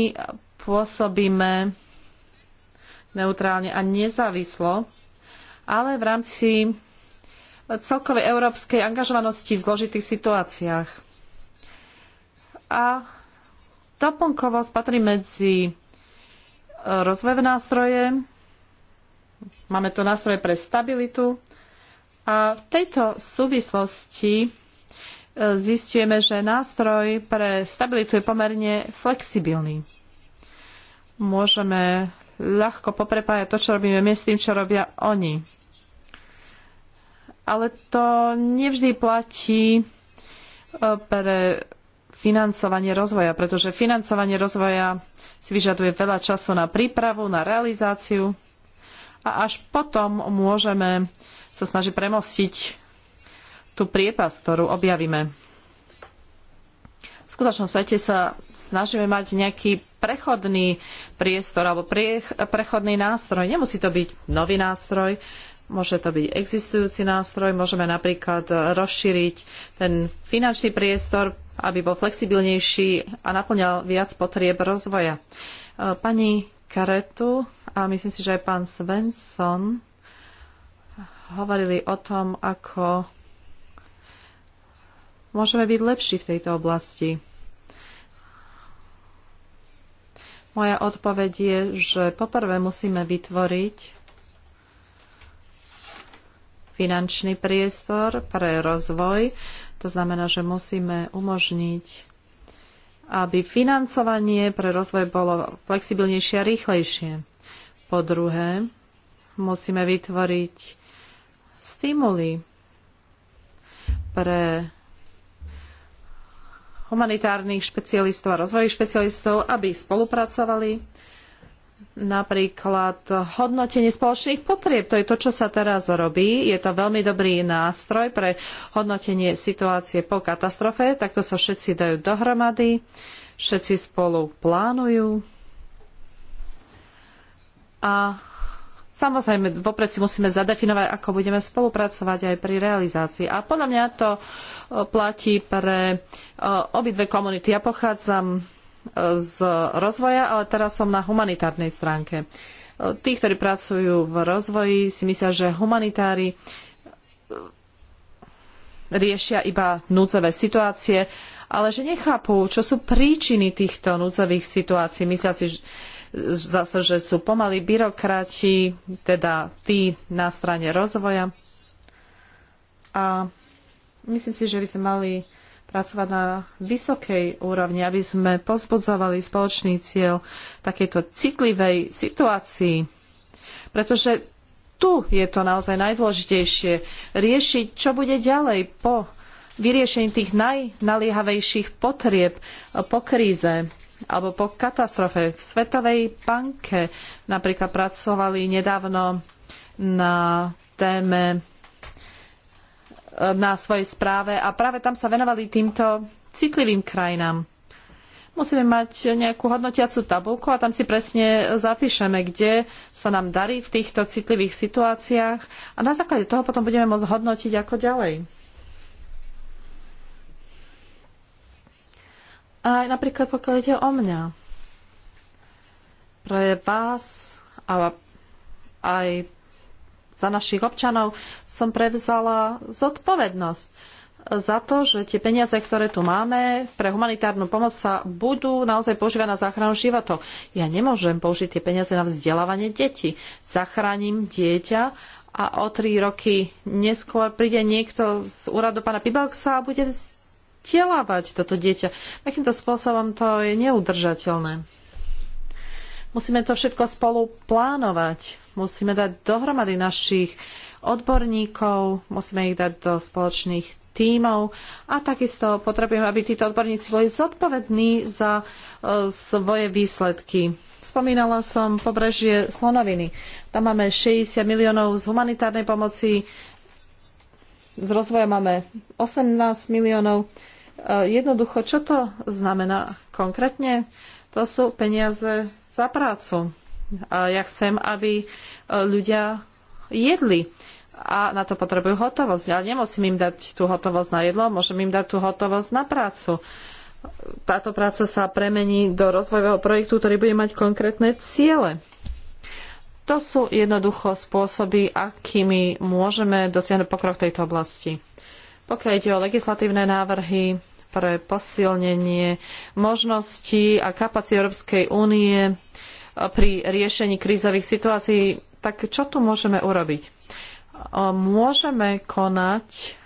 pôsobíme neutrálne a nezávislo, ale v rámci celkovej európskej angažovanosti v zložitých situáciách. A doplnkovosť patrí medzi e, rozvojové nástroje, máme tu nástroje pre stabilitu a v tejto súvislosti e, zistujeme, že nástroj pre stabilitu je pomerne flexibilný. Môžeme ľahko poprepájať to, čo robíme my s tým, čo robia oni ale to nevždy platí e, pre financovanie rozvoja, pretože financovanie rozvoja si vyžaduje veľa času na prípravu, na realizáciu a až potom môžeme sa snažiť premostiť tú priepas, ktorú objavíme. V skutočnom svete sa snažíme mať nejaký prechodný priestor alebo prechodný nástroj. Nemusí to byť nový nástroj, Môže to byť existujúci nástroj, môžeme napríklad rozšíriť ten finančný priestor, aby bol flexibilnejší a naplňal viac potrieb rozvoja. Pani Karetu a myslím si, že aj pán Svensson hovorili o tom, ako môžeme byť lepší v tejto oblasti. Moja odpoveď je, že poprvé musíme vytvoriť finančný priestor pre rozvoj. To znamená, že musíme umožniť, aby financovanie pre rozvoj bolo flexibilnejšie a rýchlejšie. Po druhé, musíme vytvoriť stimuly pre humanitárnych špecialistov a rozvojových špecialistov, aby spolupracovali napríklad hodnotenie spoločných potrieb. To je to, čo sa teraz robí. Je to veľmi dobrý nástroj pre hodnotenie situácie po katastrofe. Takto sa všetci dajú dohromady, všetci spolu plánujú. A samozrejme, vopred si musíme zadefinovať, ako budeme spolupracovať aj pri realizácii. A podľa mňa to eh, platí pre eh, obidve komunity. Ja pochádzam z rozvoja, ale teraz som na humanitárnej stránke. Tí, ktorí pracujú v rozvoji, si myslia, že humanitári e, riešia iba núdzové situácie, ale že nechápu, čo sú príčiny týchto núdzových situácií. Myslia si zase, že sú pomalí byrokrati, teda tí na strane rozvoja. A myslím si, že by sme mali pracovať na vysokej úrovni, aby sme pozbudzovali spoločný cieľ takejto citlivej situácii. Pretože tu je to naozaj najdôležitejšie. Riešiť, čo bude ďalej po vyriešení tých najnaliehavejších potrieb po kríze alebo po katastrofe. V Svetovej banke napríklad pracovali nedávno na téme na svojej správe a práve tam sa venovali týmto citlivým krajinám. Musíme mať nejakú hodnotiacu tabulku a tam si presne zapíšeme, kde sa nám darí v týchto citlivých situáciách a na základe toho potom budeme môcť hodnotiť ako ďalej. Aj napríklad pokiaľ ide o mňa. Pre vás a aj za našich občanov som prevzala zodpovednosť za to, že tie peniaze, ktoré tu máme pre humanitárnu pomoc sa budú naozaj používať na záchranu života. Ja nemôžem použiť tie peniaze na vzdelávanie detí. Zachránim dieťa a o tri roky neskôr príde niekto z úradu pána Pibalksa a bude vzdelávať toto dieťa. Takýmto spôsobom to je neudržateľné. Musíme to všetko spolu plánovať. Musíme dať dohromady našich odborníkov, musíme ich dať do spoločných tímov a takisto potrebujeme, aby títo odborníci boli zodpovední za e, svoje výsledky. Spomínala som pobrežie Slonoviny. Tam máme 60 miliónov z humanitárnej pomoci, z rozvoja máme 18 miliónov. E, jednoducho, čo to znamená konkrétne? To sú peniaze za prácu. A ja chcem, aby e, ľudia jedli a na to potrebujú hotovosť. Ja nemusím im dať tú hotovosť na jedlo, môžem im dať tú hotovosť na prácu. Táto práca sa premení do rozvojového projektu, ktorý bude mať konkrétne ciele. To sú jednoducho spôsoby, akými môžeme dosiahnuť pokrok v tejto oblasti. Pokiaľ ide o legislatívne návrhy, pre posilnenie možností a kapacity Európskej únie pri riešení krízových situácií, tak čo tu môžeme urobiť? Môžeme konať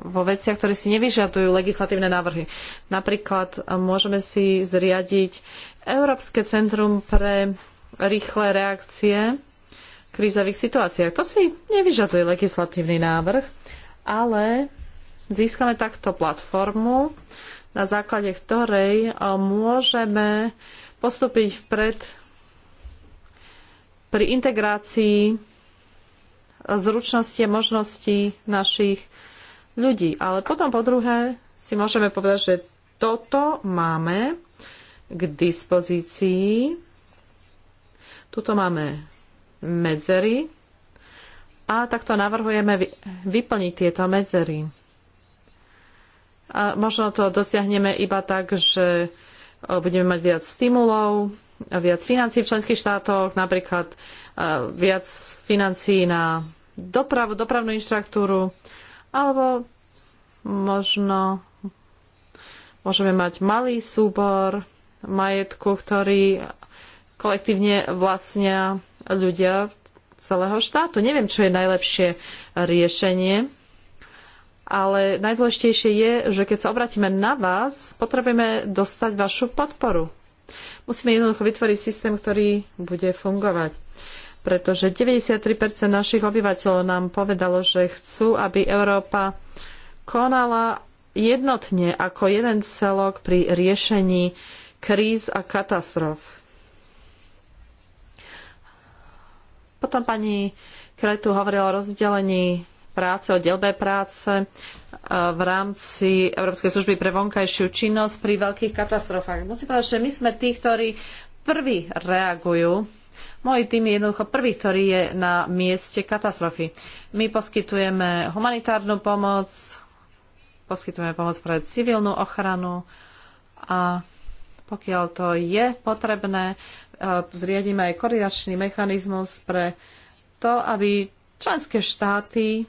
vo veciach, ktoré si nevyžadujú legislatívne návrhy. Napríklad e, môžeme si zriadiť Európske centrum pre rýchle reakcie v krízových situáciách. To si nevyžaduje legislatívny návrh, ale Získame takto platformu, na základe ktorej eh, môžeme postúpiť vpred pri integrácii eh, zručnosti a možností našich ľudí. Ale potom po druhé si môžeme povedať, že toto máme k dispozícii. Tuto máme medzery a takto navrhujeme vyplniť tieto medzery. A možno to dosiahneme iba tak, že e, budeme mať viac stimulov, viac financí v členských štátoch, napríklad e, viac financí na dopravu, dopravnú inštruktúru, alebo možno môžeme mať malý súbor majetku, ktorý kolektívne vlastnia ľudia celého štátu. Neviem, čo je najlepšie riešenie ale najdôležitejšie je, že keď sa obratíme na vás, potrebujeme dostať vašu podporu. Musíme jednoducho vytvoriť systém, ktorý bude fungovať. Pretože 93% našich obyvateľov nám povedalo, že chcú, aby Európa konala jednotne ako jeden celok pri riešení kríz a katastrof. Potom pani Kretu hovorila o rozdelení práce, o delbe práce e, v rámci Európskej služby pre vonkajšiu činnosť pri veľkých katastrofách. Musím povedať, že my sme tí, ktorí prví reagujú. Môj tým je jednoducho prvý, ktorý je na mieste katastrofy. My poskytujeme humanitárnu pomoc, poskytujeme pomoc pre civilnú ochranu a pokiaľ to je potrebné, e, zriadíme aj koordinačný mechanizmus pre to, aby členské štáty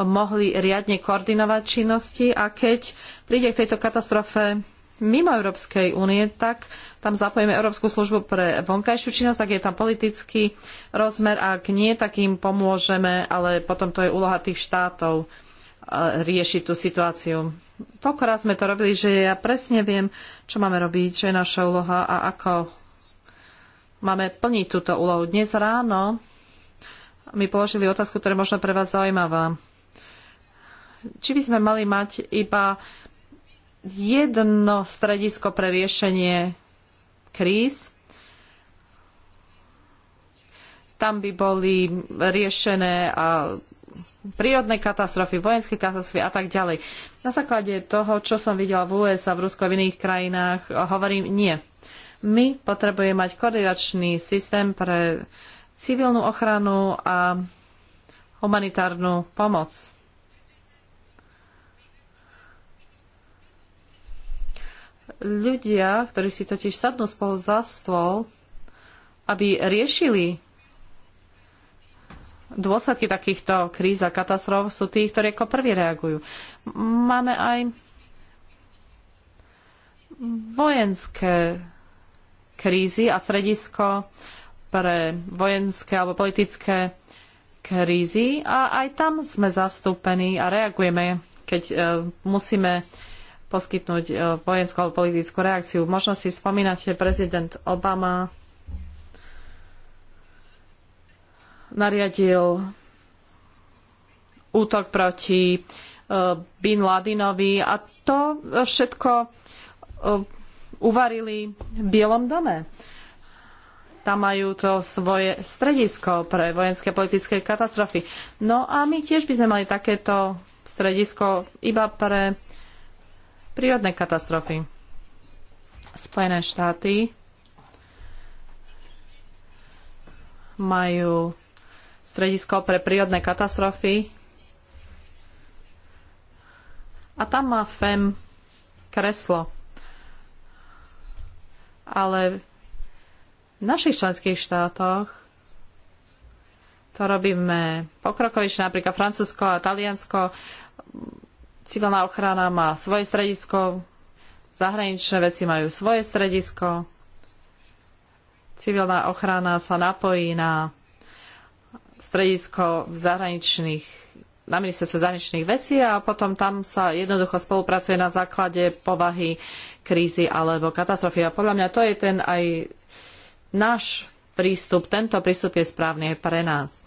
mohli riadne koordinovať činnosti a keď príde k tejto katastrofe mimo Európskej únie, tak tam zapojíme Európsku službu pre vonkajšiu činnosť, ak je tam politický rozmer, ak nie, tak im pomôžeme, ale potom to je úloha tých štátov eh, riešiť tú situáciu. Toľko raz sme to robili, že ja presne viem, čo máme robiť, čo je naša úloha a ako máme plniť túto úlohu. Dnes ráno mi položili otázku, ktorá je možno pre vás zaujímavá či by sme mali mať iba jedno stredisko pre riešenie kríz. Tam by boli riešené a prírodné katastrofy, vojenské katastrofy a tak ďalej. Na základe toho, čo som videla v USA, v Rusku a v iných krajinách, hovorím nie. My potrebujeme mať koordinačný systém pre civilnú ochranu a humanitárnu pomoc Ľudia, ktorí si totiž sadnú spolu za stôl, aby riešili dôsledky takýchto kríz a katastrof, sú tí, ktorí ako prví reagujú. Máme aj vojenské krízy a stredisko pre vojenské alebo politické krízy a aj tam sme zastúpení a reagujeme, keď e, musíme poskytnúť e, vojenskú alebo politickú reakciu. Možno si spomínate, prezident Obama nariadil útok proti e, Bin Ladinovi a to všetko e, uvarili v Bielom dome. Tam majú to svoje stredisko pre vojenské politické katastrofy. No a my tiež by sme mali takéto stredisko iba pre uh, prírodné katastrofy. Spojené štáty majú stredisko pre prírodné katastrofy a tam má FEM kreslo. Ale v našich členských štátoch to robíme pokrokovišie, napríklad Francúzsko a Taliansko civilná ochrana má svoje stredisko, zahraničné veci majú svoje stredisko, civilná ochrana sa napojí na stredisko v zahraničných na ministerstve zahraničných vecí a potom tam sa jednoducho spolupracuje na základe povahy krízy alebo katastrofy. A podľa mňa to je ten aj náš prístup. Tento prístup je správny aj pre nás.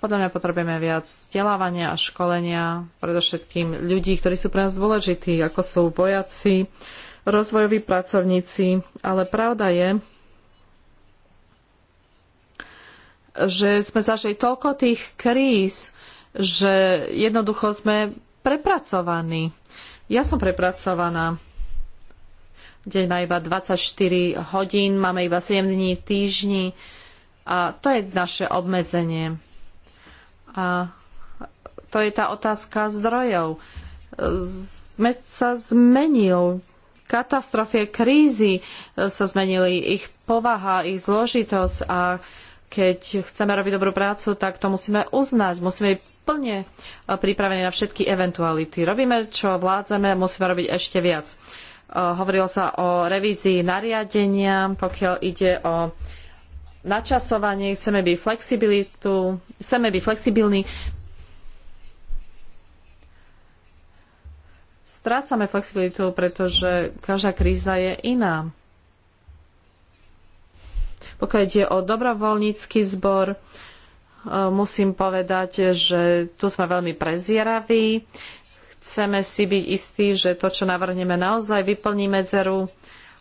Podľa mňa potrebujeme viac vzdelávania a školenia, predovšetkým ľudí, ktorí sú pre nás dôležití, ako sú vojaci, rozvojoví pracovníci, ale pravda je, že sme zažili toľko tých kríz, že jednoducho sme prepracovaní. Ja som prepracovaná. Deň má iba 24 hodín, máme iba 7 dní v týždni a to je naše obmedzenie. A to je tá otázka zdrojov. Svet sa zmenil. Katastrofie, krízy e, sa zmenili. Ich povaha, ich zložitosť a keď chceme robiť dobrú prácu, tak to musíme uznať. Musíme byť plne e, pripravení na všetky eventuality. Robíme, čo vládzame, musíme robiť ešte viac. E, hovorilo sa o revízii nariadenia, pokiaľ ide o načasovanie, chceme byť flexibilitu, chceme byť flexibilní. Strácame flexibilitu, pretože každá kríza je iná. Pokiaľ ide o dobrovoľnícky zbor, e, musím povedať, že tu sme veľmi prezieraví. Chceme si byť istí, že to, čo navrhneme, naozaj vyplní medzeru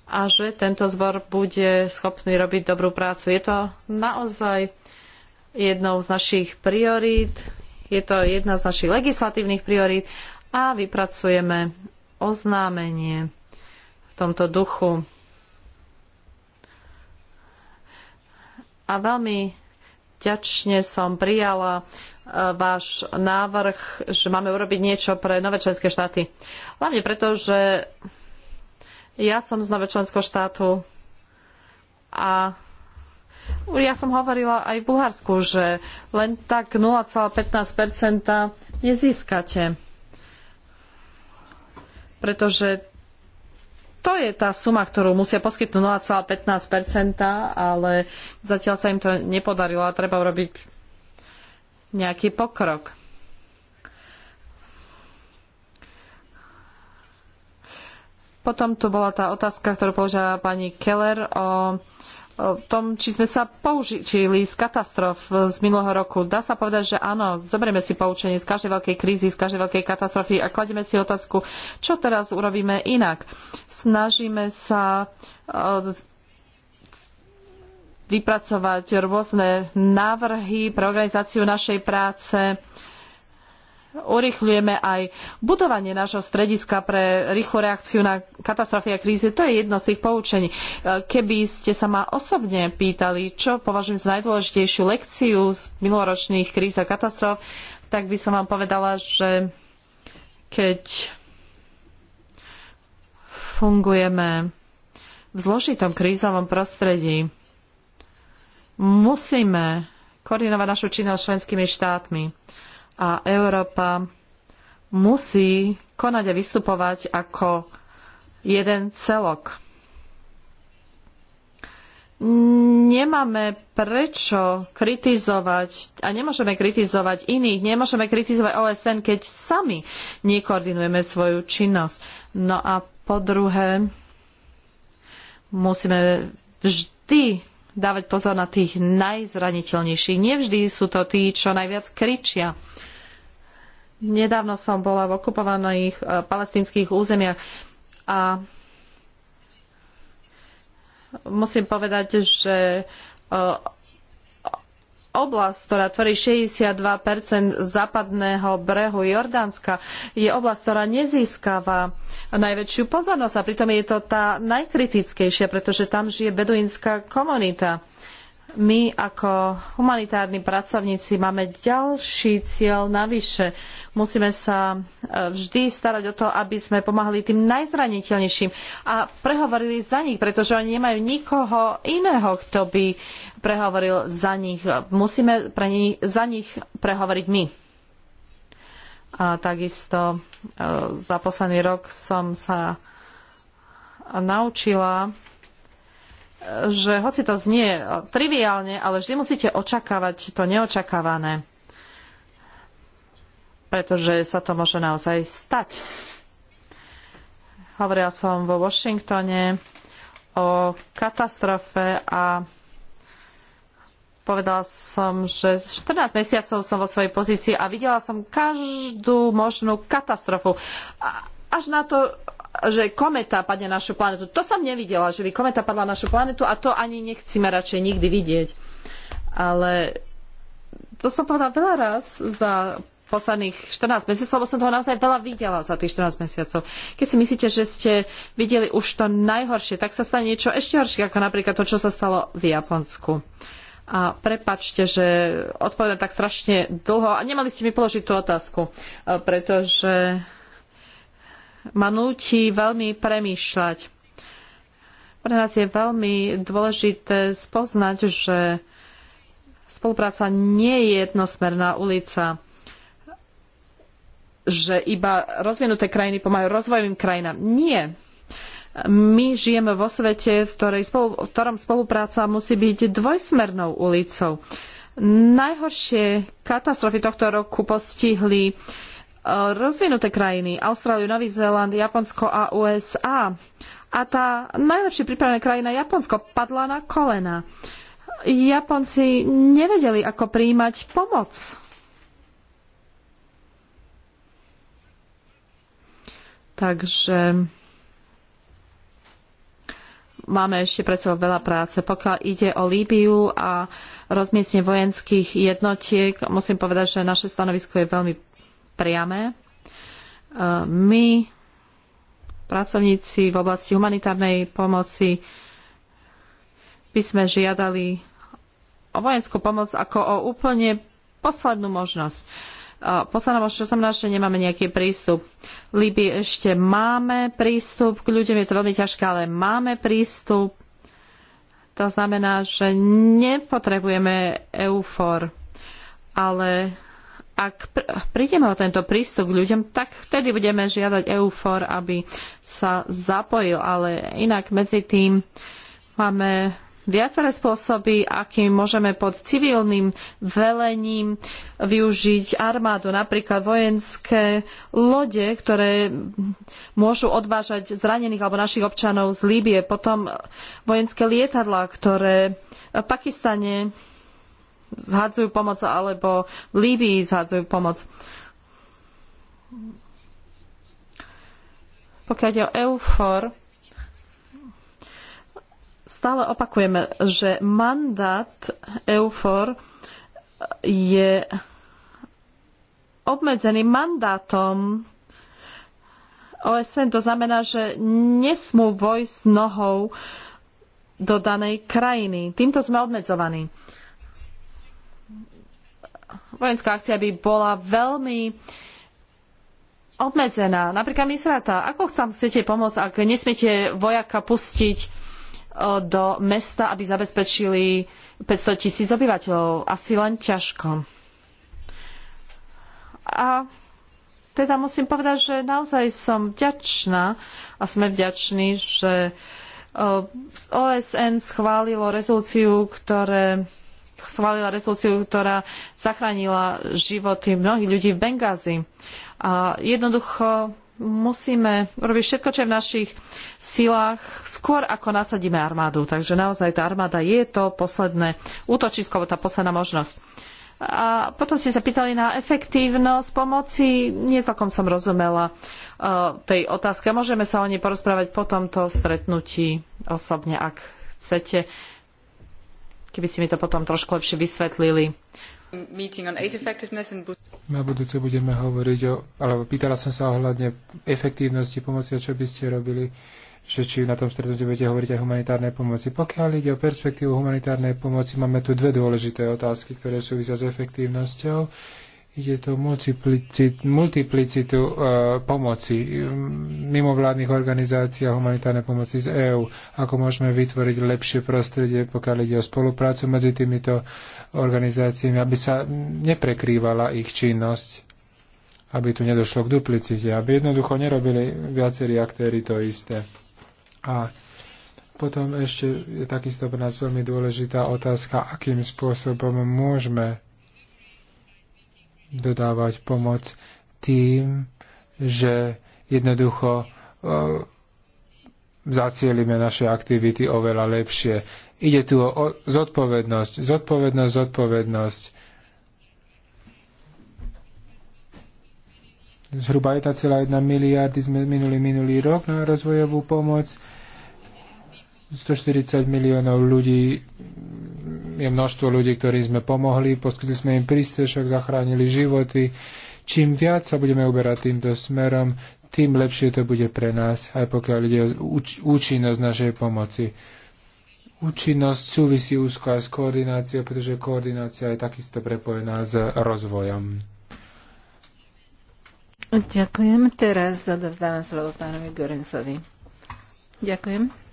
a že tento zbor bude schopný robiť dobrú prácu. Je to naozaj jednou z našich priorít, je to jedna z našich legislatívnych priorít a vypracujeme oznámenie v tomto duchu. A veľmi ťačne som prijala e, váš návrh, že máme urobiť niečo pre nové členské štáty. Hlavne preto, že ja som z nového členského štátu a ja som hovorila aj v Bulharsku, že len tak 0,15% nezískate. Pretože to je tá suma, ktorú musia poskytnúť 0,15%, ale zatiaľ sa im to nepodarilo a treba urobiť nejaký pokrok. Potom tu bola tá otázka, ktorú položila pani Keller o tom, či sme sa poučili z katastrof z minulého roku. Dá sa povedať, že áno, zoberieme si poučenie z každej veľkej krízy, z každej veľkej katastrofy a kladieme si otázku, čo teraz urobíme inak. Snažíme sa e, vypracovať rôzne návrhy pre organizáciu našej práce, urychľujeme aj budovanie nášho strediska pre rýchlu reakciu na katastrofy a krízy. To je jedno z tých poučení. E, Keby ste sa ma osobne pýtali, čo považujem za najdôležitejšiu lekciu z minuloročných kríz a katastrof, tak by som vám povedala, že keď fungujeme v zložitom krízovom prostredí, musíme koordinovať našu činnosť členskými štátmi a Európa musí konať a vystupovať ako jeden celok. Nemáme prečo kritizovať a nemôžeme kritizovať iných, nemôžeme kritizovať OSN, keď sami nekoordinujeme svoju činnosť. No a po druhé, musíme vždy dávať pozor na tých najzraniteľnejších. Nevždy sú to tí, čo najviac kričia. Nedávno som bola v okupovaných e, palestinských územiach a musím povedať, že e, oblasť, ktorá tvorí 62 západného brehu Jordánska, je oblasť, ktorá nezískava najväčšiu pozornosť a pritom je to tá najkritickejšia, pretože tam žije beduínska komunita my ako humanitárni pracovníci máme ďalší cieľ navyše. Musíme sa e, vždy starať o to, aby sme pomáhali tým najzraniteľnejším a prehovorili za nich, pretože oni nemajú nikoho iného, kto by prehovoril za nich. Musíme pre nich, za nich prehovoriť my. A takisto e, za posledný rok som sa naučila že hoci to znie triviálne, ale vždy musíte očakávať to neočakávané. Pretože sa to môže naozaj stať. Hovorila som vo Washingtone o katastrofe a povedala som, že 14 mesiacov som vo svojej pozícii a videla som každú možnú katastrofu. Až na to, že kometa padne na našu planetu. To som nevidela, že by kometa padla na našu planetu a to ani nechcíme radšej nikdy vidieť. Ale to som povedala veľa raz za posledných 14 mesiacov, lebo som toho naozaj veľa videla za tých 14 mesiacov. Keď si myslíte, že ste videli už to najhoršie, tak sa stane niečo ešte horšie, ako napríklad to, čo sa stalo v Japonsku. A prepačte, že odpovedám tak strašne dlho a nemali ste mi položiť tú otázku, pretože ma núti veľmi premýšľať. Pre nás je veľmi dôležité spoznať, že spolupráca nie je jednosmerná ulica že iba rozvinuté krajiny pomáhajú rozvojovým krajinám. Nie. My žijeme vo svete, v, ktorej, v ktorom spolupráca musí byť dvojsmernou ulicou. Najhoršie katastrofy tohto roku postihli rozvinuté krajiny, Austráliu, Nový Zéland, Japonsko a USA. A tá najlepšie pripravená krajina, Japonsko, padla na kolena. Japonci nevedeli, ako príjmať pomoc. Takže máme ešte pred sebou veľa práce. Pokiaľ ide o Líbiu a rozmiestne vojenských jednotiek, musím povedať, že naše stanovisko je veľmi priame. E, my, pracovníci v oblasti humanitárnej pomoci, by sme žiadali o vojenskú pomoc ako o úplne poslednú možnosť. E, posledná možnosť, čo som našla, nemáme nejaký prístup. V Líbii ešte máme prístup k ľuďom, je to veľmi ťažké, ale máme prístup. To znamená, že nepotrebujeme EUFOR, ale ak prídeme o tento prístup k ľuďom, tak vtedy budeme žiadať EUFOR, aby sa zapojil, ale inak medzi tým máme viaceré spôsoby, akým môžeme pod civilným velením využiť armádu, napríklad vojenské lode, ktoré môžu odvážať zranených alebo našich občanov z Líbie, potom vojenské lietadlá, ktoré v Pakistane zhadzujú pomoc, alebo v Líbii zhadzujú pomoc. Pokiaľ ide o EUFOR, stále opakujeme, že mandát EUFOR je obmedzený mandátom OSN. To znamená, že nesmú vojsť nohou do danej krajiny. Týmto sme obmedzovaní vojenská akcia by bola veľmi obmedzená. Napríklad Misrata, ako chcem chcete pomôcť, ak nesmiete vojaka pustiť e, do mesta, aby zabezpečili 500 tisíc obyvateľov? Asi len ťažko. A teda musím povedať, že naozaj som vďačná a sme vďační, že e, OSN schválilo rezolúciu, ktoré schválila rezolúciu, ktorá zachránila životy mnohých ľudí v Bengázi. A jednoducho musíme robiť všetko, čo je v našich silách, skôr ako nasadíme armádu. Takže naozaj tá armáda je to posledné útočisko, tá posledná možnosť. A potom ste sa pýtali na efektívnosť pomoci. Nie celkom som rozumela uh, tej otázke. Môžeme sa o nej porozprávať po tomto stretnutí osobne, ak chcete. Uh, keby si mi to potom trošku lepšie vysvetlili. Na budúce budeme hovoriť o, alebo pýtala som sa ohľadne efektívnosti pomoci, čo by ste robili, že či na tom stretnutí budete hovoriť aj humanitárnej pomoci. Pokiaľ ide o perspektívu humanitárnej pomoci, máme tu dve dôležité otázky, ktoré súvisia s efektívnosťou je to multiplicit, multiplicitu e, pomoci mimovládnych organizácií a humanitárnej pomoci z EÚ. Ako môžeme vytvoriť lepšie prostredie, pokiaľ ide o spoluprácu medzi týmito organizáciami, aby sa neprekrývala ich činnosť, aby tu nedošlo k duplicite, aby jednoducho nerobili viacerí aktéry to isté. A potom ešte je takisto pre nás veľmi dôležitá otázka, akým spôsobom môžeme dodávať pomoc tým, že jednoducho e, zacielime naše aktivity oveľa lepšie. Ide tu o zodpovednosť, zodpovednosť, zodpovednosť. Zhruba 1,1 miliardy sme minuli minulý rok na rozvojovú pomoc. 140 miliónov ľudí je množstvo ľudí, ktorí sme pomohli, poskytli sme im prístrešok, zachránili životy. Čím viac sa budeme uberať týmto smerom, tým lepšie to bude pre nás, aj pokiaľ ide o účinnosť našej pomoci. Účinnosť súvisí úzko aj s koordináciou, pretože koordinácia je takisto prepojená s rozvojom. Ďakujem. Teraz zadovzdávam slovo pánovi Gorensovi. Ďakujem.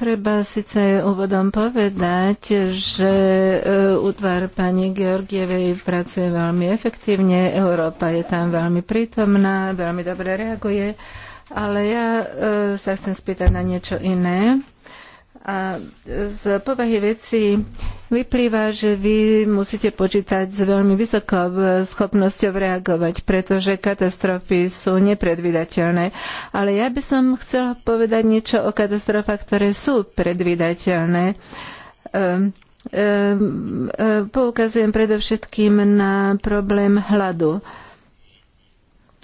Treba síce úvodom povedať, že e, útvar pani Georgievej pracuje veľmi efektívne, Európa je tam veľmi prítomná, veľmi dobre reaguje, ale ja e, sa chcem spýtať na niečo iné. A z povahy veci vyplýva, že vy musíte počítať s veľmi vysokou schopnosťou reagovať, pretože katastrofy sú nepredvydateľné. Ale ja by som chcela povedať niečo o katastrofách, ktoré sú predvydateľné. Um, ehm, ehm, ehm, poukazujem predovšetkým na problém hladu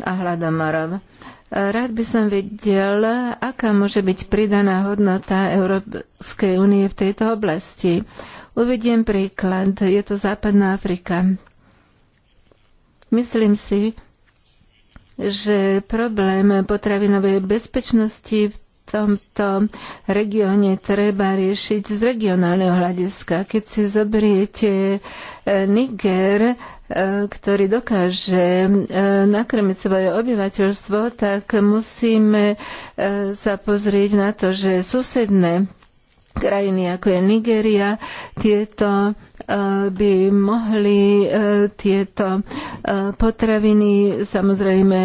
a hladomorov. Rád by som vedel, aká môže byť pridaná hodnota Európskej únie v tejto oblasti. Uvediem príklad. Je to Západná Afrika. Myslím si, že problém potravinovej bezpečnosti v tomto regióne treba riešiť z regionálneho hľadiska. Keď si zoberiete eh, Niger, E, ktorý dokáže e, nakrmiť svoje obyvateľstvo, tak musíme e, sa pozrieť na to, že susedné krajiny ako je Nigeria, tieto by mohli tieto potraviny samozrejme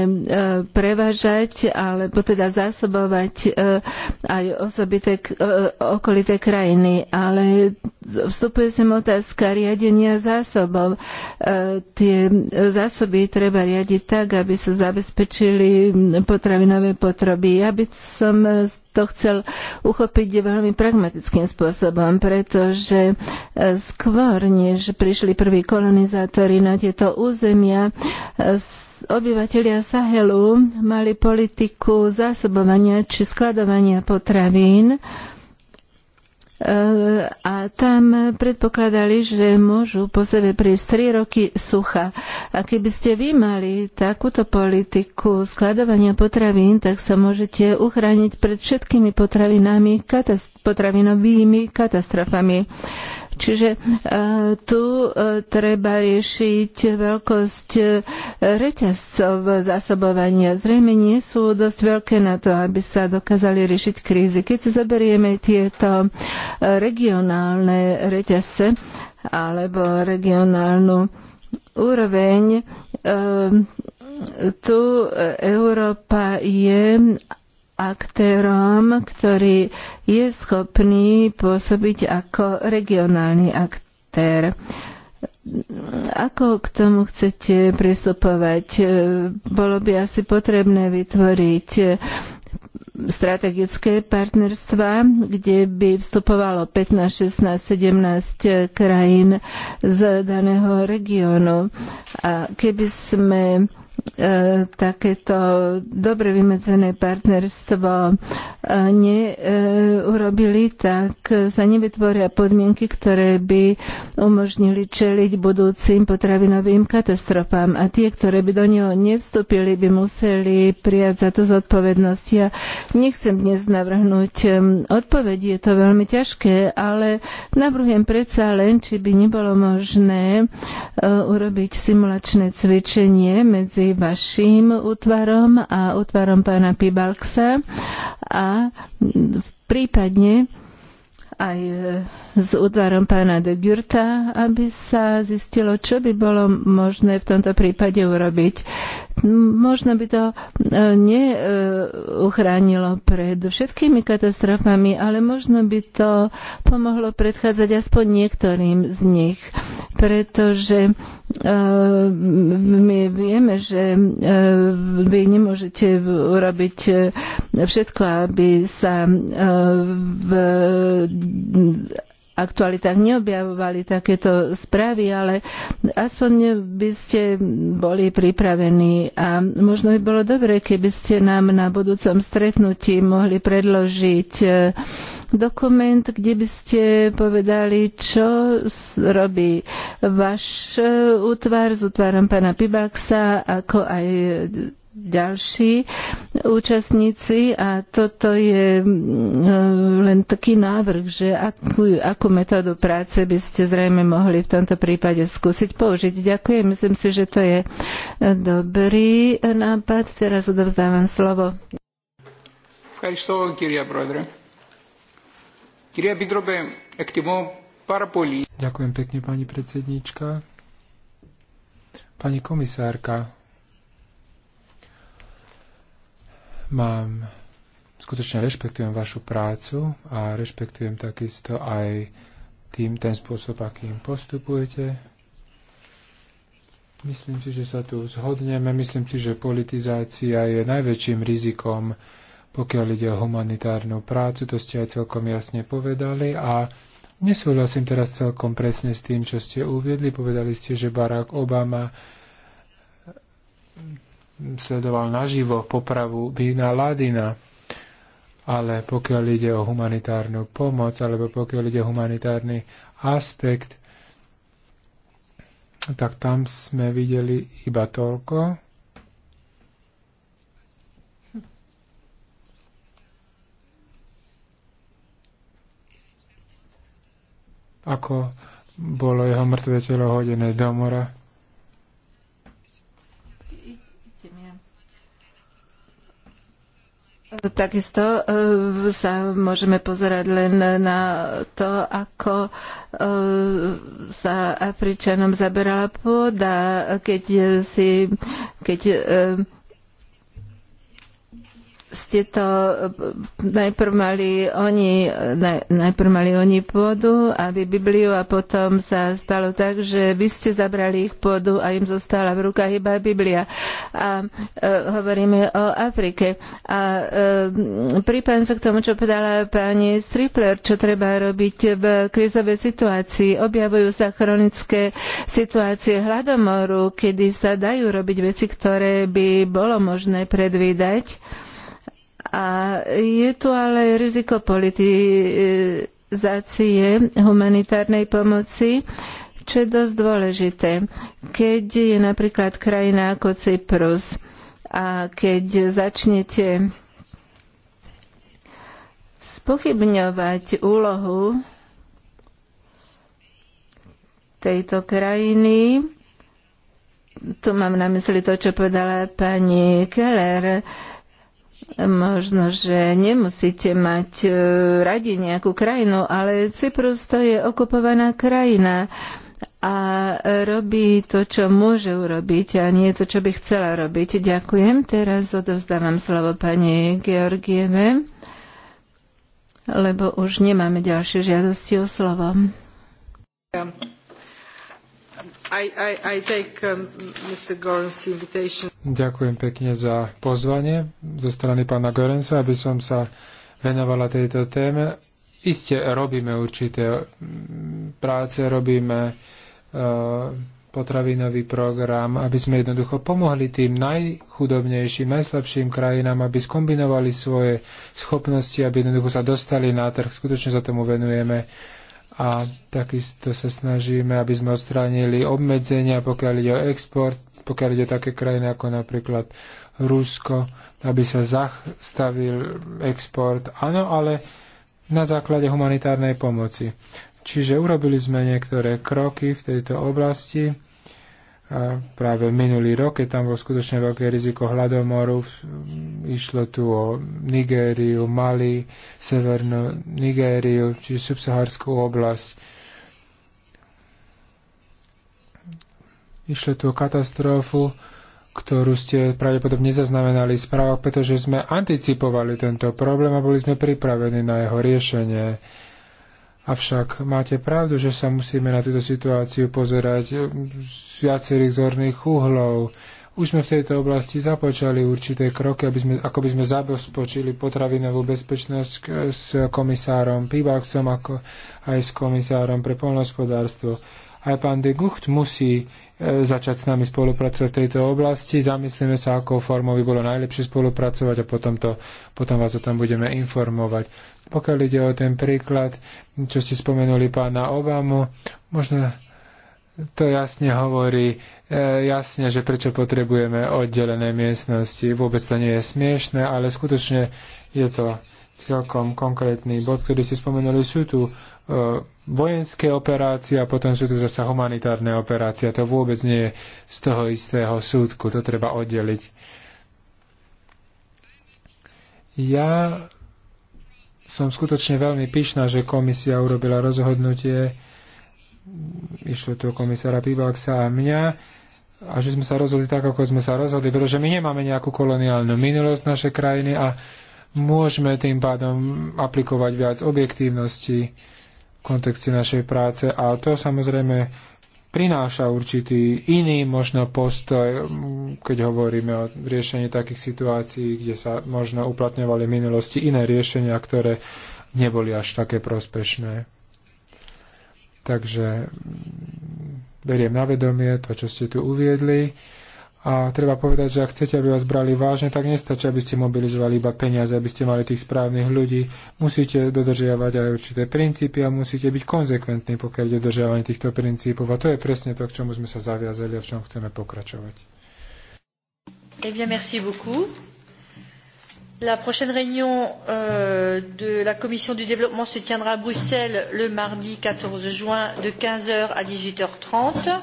prevažať alebo teda zásobovať aj osobité okolité krajiny, ale vstupuje sem otázka riadenia zásobov. E, tie zásoby treba riadiť tak, aby sa zabezpečili potravinové potroby. Ja by som to chcel uchopiť veľmi pragmatickým spôsobom, pretože e, skôr, než prišli prví kolonizátori na tieto územia, e, obyvatelia Sahelu mali politiku zásobovania či skladovania potravín, E, a tam predpokladali, že môžu po sebe prísť 3 roky sucha. A keby ste vy mali takúto politiku skladovania potravín, tak sa môžete uchrániť pred všetkými potravinami, katast- potravinovými katastrofami. Čiže e, tu e, treba riešiť veľkosť e, reťazcov zásobovania. Zrejme nie sú dosť veľké na to, aby sa dokázali riešiť krízy. Keď si zoberieme tieto regionálne reťazce alebo regionálnu úroveň, tu Európa je aktérom, ktorý je schopný pôsobiť ako regionálny aktér. Ako k tomu chcete pristupovať? Bolo by asi potrebné vytvoriť strategické partnerstva, kde by vstupovalo 15, 16, 17 krajín z daného regiónu. A keby sme E, takéto dobre vymedzené partnerstvo e, neurobili, tak sa nevytvoria podmienky, ktoré by umožnili čeliť budúcim potravinovým katastrofám. A tie, ktoré by do neho nevstúpili, by museli prijať za to zodpovednosť. Ja nechcem dnes navrhnúť e, odpovedi, je to veľmi ťažké, ale navrhujem predsa len, či by nebolo možné urobiť simulačné cvičenie medzi vašim útvarom a útvarom pána Pibalksa a prípadne aj e, s útvarom pána de Gürta, aby sa zistilo, čo by bolo možné v tomto prípade urobiť. Možno by to e, neuchránilo e, pred všetkými katastrofami, ale možno by to pomohlo predchádzať aspoň niektorým z nich, pretože Eh, my vieme, že eh, vy nemôžete urobiť eh, všetko, aby sa v aktualitách neobjavovali takéto správy, ale aspoň by ste boli pripravení a možno by bolo dobre, keby ste nám na budúcom stretnutí mohli predložiť e, dokument, kde by ste povedali, čo robí váš e, útvar s útvarom pána Pibaxa, ako aj ďalší účastníci a toto je mm, e, len taký návrh, že akú, akú metódu práce by ste zrejme mohli v tomto prípade skúsiť použiť. Ďakujem, myslím si, že to je e, dobrý e, nápad. Teraz odovzdávam slovo. Ďakujem pekne, pani predsednička. Pani komisárka, Mám, skutočne rešpektujem vašu prácu a rešpektujem takisto aj tým, ten spôsob, akým postupujete. Myslím si, že sa tu zhodneme. Myslím si, že politizácia je najväčším rizikom, pokiaľ ide o humanitárnu prácu. To ste aj celkom jasne povedali. A nesúhlasím teraz celkom presne s tým, čo ste uviedli. Povedali ste, že Barack Obama sledoval naživo popravu Bina Ladina, ale pokiaľ ide o humanitárnu pomoc, alebo pokiaľ ide o humanitárny aspekt, tak tam sme videli iba toľko, ako bolo jeho mŕtve telo hodené do mora. Takisto e, sa môžeme pozerať len na to, ako e, sa Afričanom zaberala pôda, keď si keď e, ste to najprv mali oni, najprv mali oni pôdu, aby Bibliu a potom sa stalo tak, že vy ste zabrali ich pôdu a im zostala v rukách iba Biblia. A e, hovoríme o Afrike. A e, pripájam sa k tomu, čo povedala pani Stripler, čo treba robiť v krizovej situácii. Objavujú sa chronické situácie hladomoru, kedy sa dajú robiť veci, ktoré by bolo možné predvídať a je tu ale riziko politizácie humanitárnej pomoci, čo je dosť dôležité, keď je napríklad krajina ako Cyprus a keď začnete spochybňovať úlohu tejto krajiny, tu mám na mysli to, čo povedala pani Keller, Možno, že nemusíte mať e, radi nejakú krajinu, ale Cyprus to je okupovaná krajina a robí to, čo môže urobiť a nie to, čo by chcela robiť. Ďakujem. Teraz odovzdávam slovo pani Georgieve, lebo už nemáme ďalšie žiadosti o slovo. Um, Ďakujem pekne za pozvanie zo strany pána Gorensa, aby som sa venovala tejto téme. Isté robíme určité práce, robíme e, potravinový program, aby sme jednoducho pomohli tým najchudobnejším, najslabším krajinám, aby skombinovali svoje schopnosti, aby jednoducho sa dostali na trh. Skutočne sa tomu venujeme a takisto sa snažíme, aby sme odstránili obmedzenia, pokiaľ ide o export, pokiaľ ide o také krajiny ako napríklad Rusko, aby sa zastavil export. Áno, ale na základe humanitárnej pomoci. Čiže urobili sme niektoré kroky v tejto oblasti práve minulý rok, keď tam bol skutočne veľké riziko hladomoru. Išlo tu o Nigériu, Mali, Severnú Nigériu, čiže subsahárskú oblasť. Išlo tu o katastrofu, ktorú ste pravdepodobne nezaznamenali správok, správach, pretože sme anticipovali tento problém a boli sme pripravení na jeho riešenie. Avšak máte pravdu, že sa musíme na túto situáciu pozerať z viacerých zorných uhlov. Už sme v tejto oblasti započali určité kroky, aby sme, ako by sme zabezpečili potravinovú bezpečnosť s komisárom Pibaxom, ako aj s komisárom pre polnospodárstvo. Aj pán de Gucht musí e, začať s nami spolupracovať v tejto oblasti. Zamyslíme sa, akou formou by bolo najlepšie spolupracovať a potom, to, potom vás o tom budeme informovať. Pokiaľ ide o ten príklad, čo ste spomenuli pána Obamu, možno to jasne hovorí, e, jasne, že prečo potrebujeme oddelené miestnosti. Vôbec to nie je smiešne, ale skutočne je to celkom konkrétny bod, ktorý si spomenuli. Sú tu e, vojenské operácie a potom sú tu zasa humanitárne operácie. To vôbec nie je z toho istého súdku. To treba oddeliť. Ja som skutočne veľmi pyšná, že komisia urobila rozhodnutie, išlo tu komisára Pibalksa a mňa, a že sme sa rozhodli tak, ako sme sa rozhodli, pretože my nemáme nejakú koloniálnu minulosť naše krajiny a môžeme tým pádom aplikovať viac objektívnosti v kontexte našej práce a to samozrejme prináša určitý iný možno postoj, keď hovoríme o riešení takých situácií, kde sa možno uplatňovali v minulosti iné riešenia, ktoré neboli až také prospešné. Takže beriem na vedomie to, čo ste tu uviedli. A treba povedať, že ak chcete, aby vás brali vážne, tak nestačí, aby ste mobilizovali iba peniaze, aby ste mali tých správnych ľudí. Musíte dodržiavať aj určité princípy a musíte byť konzekventní, pokiaľ ide dodržiavanie týchto princípov. A to je presne to, k čomu sme sa zaviazali a v čom chceme pokračovať. Eh bien, merci beaucoup. La prochaine réunion euh, de la Commission du développement se tiendra à Bruxelles le mardi 14 juin de 15h à 18h30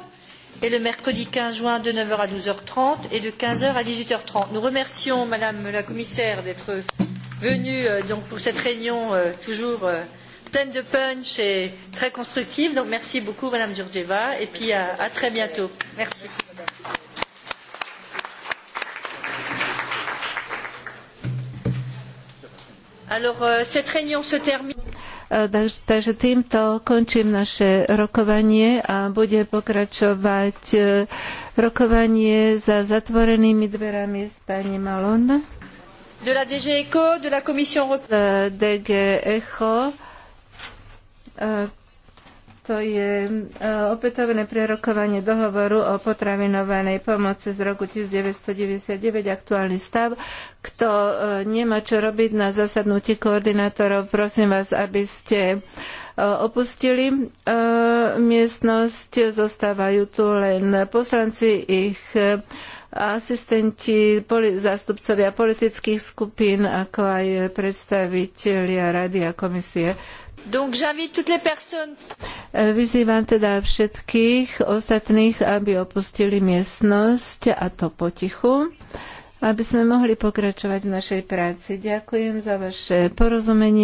et le mercredi 15 juin de 9h à 12h30 et de 15h à 18h30. Nous remercions Madame la Commissaire d'être venue euh, donc pour cette réunion euh, toujours euh, pleine de punch et très constructive. Donc merci beaucoup Madame Georgieva et puis à, à très bientôt. Merci. Alors euh, cette réunion se termine. Takže týmto končím naše rokovanie a bude pokračovať e, rokovanie za zatvorenými dverami s pani Malon. De la DG ECO, de la Commission e, DG ECO. E, to je e, opätovné prerokovanie dohovoru o potravinovanej pomoci z roku 1999, aktuálny stav. Kto e, nemá čo robiť na zasadnutí koordinátorov, prosím vás, aby ste e, opustili miestnosť. Zostávajú tu len poslanci, ich asistenti, zástupcovia politických skupín, ako aj predstavitelia rady a komisie. Donc toutes les personnes... Eh, vyzývam teda všetkých ostatných, aby opustili miestnosť a to potichu aby sme mohli pokračovať v našej práci. Ďakujem za vaše porozumenie.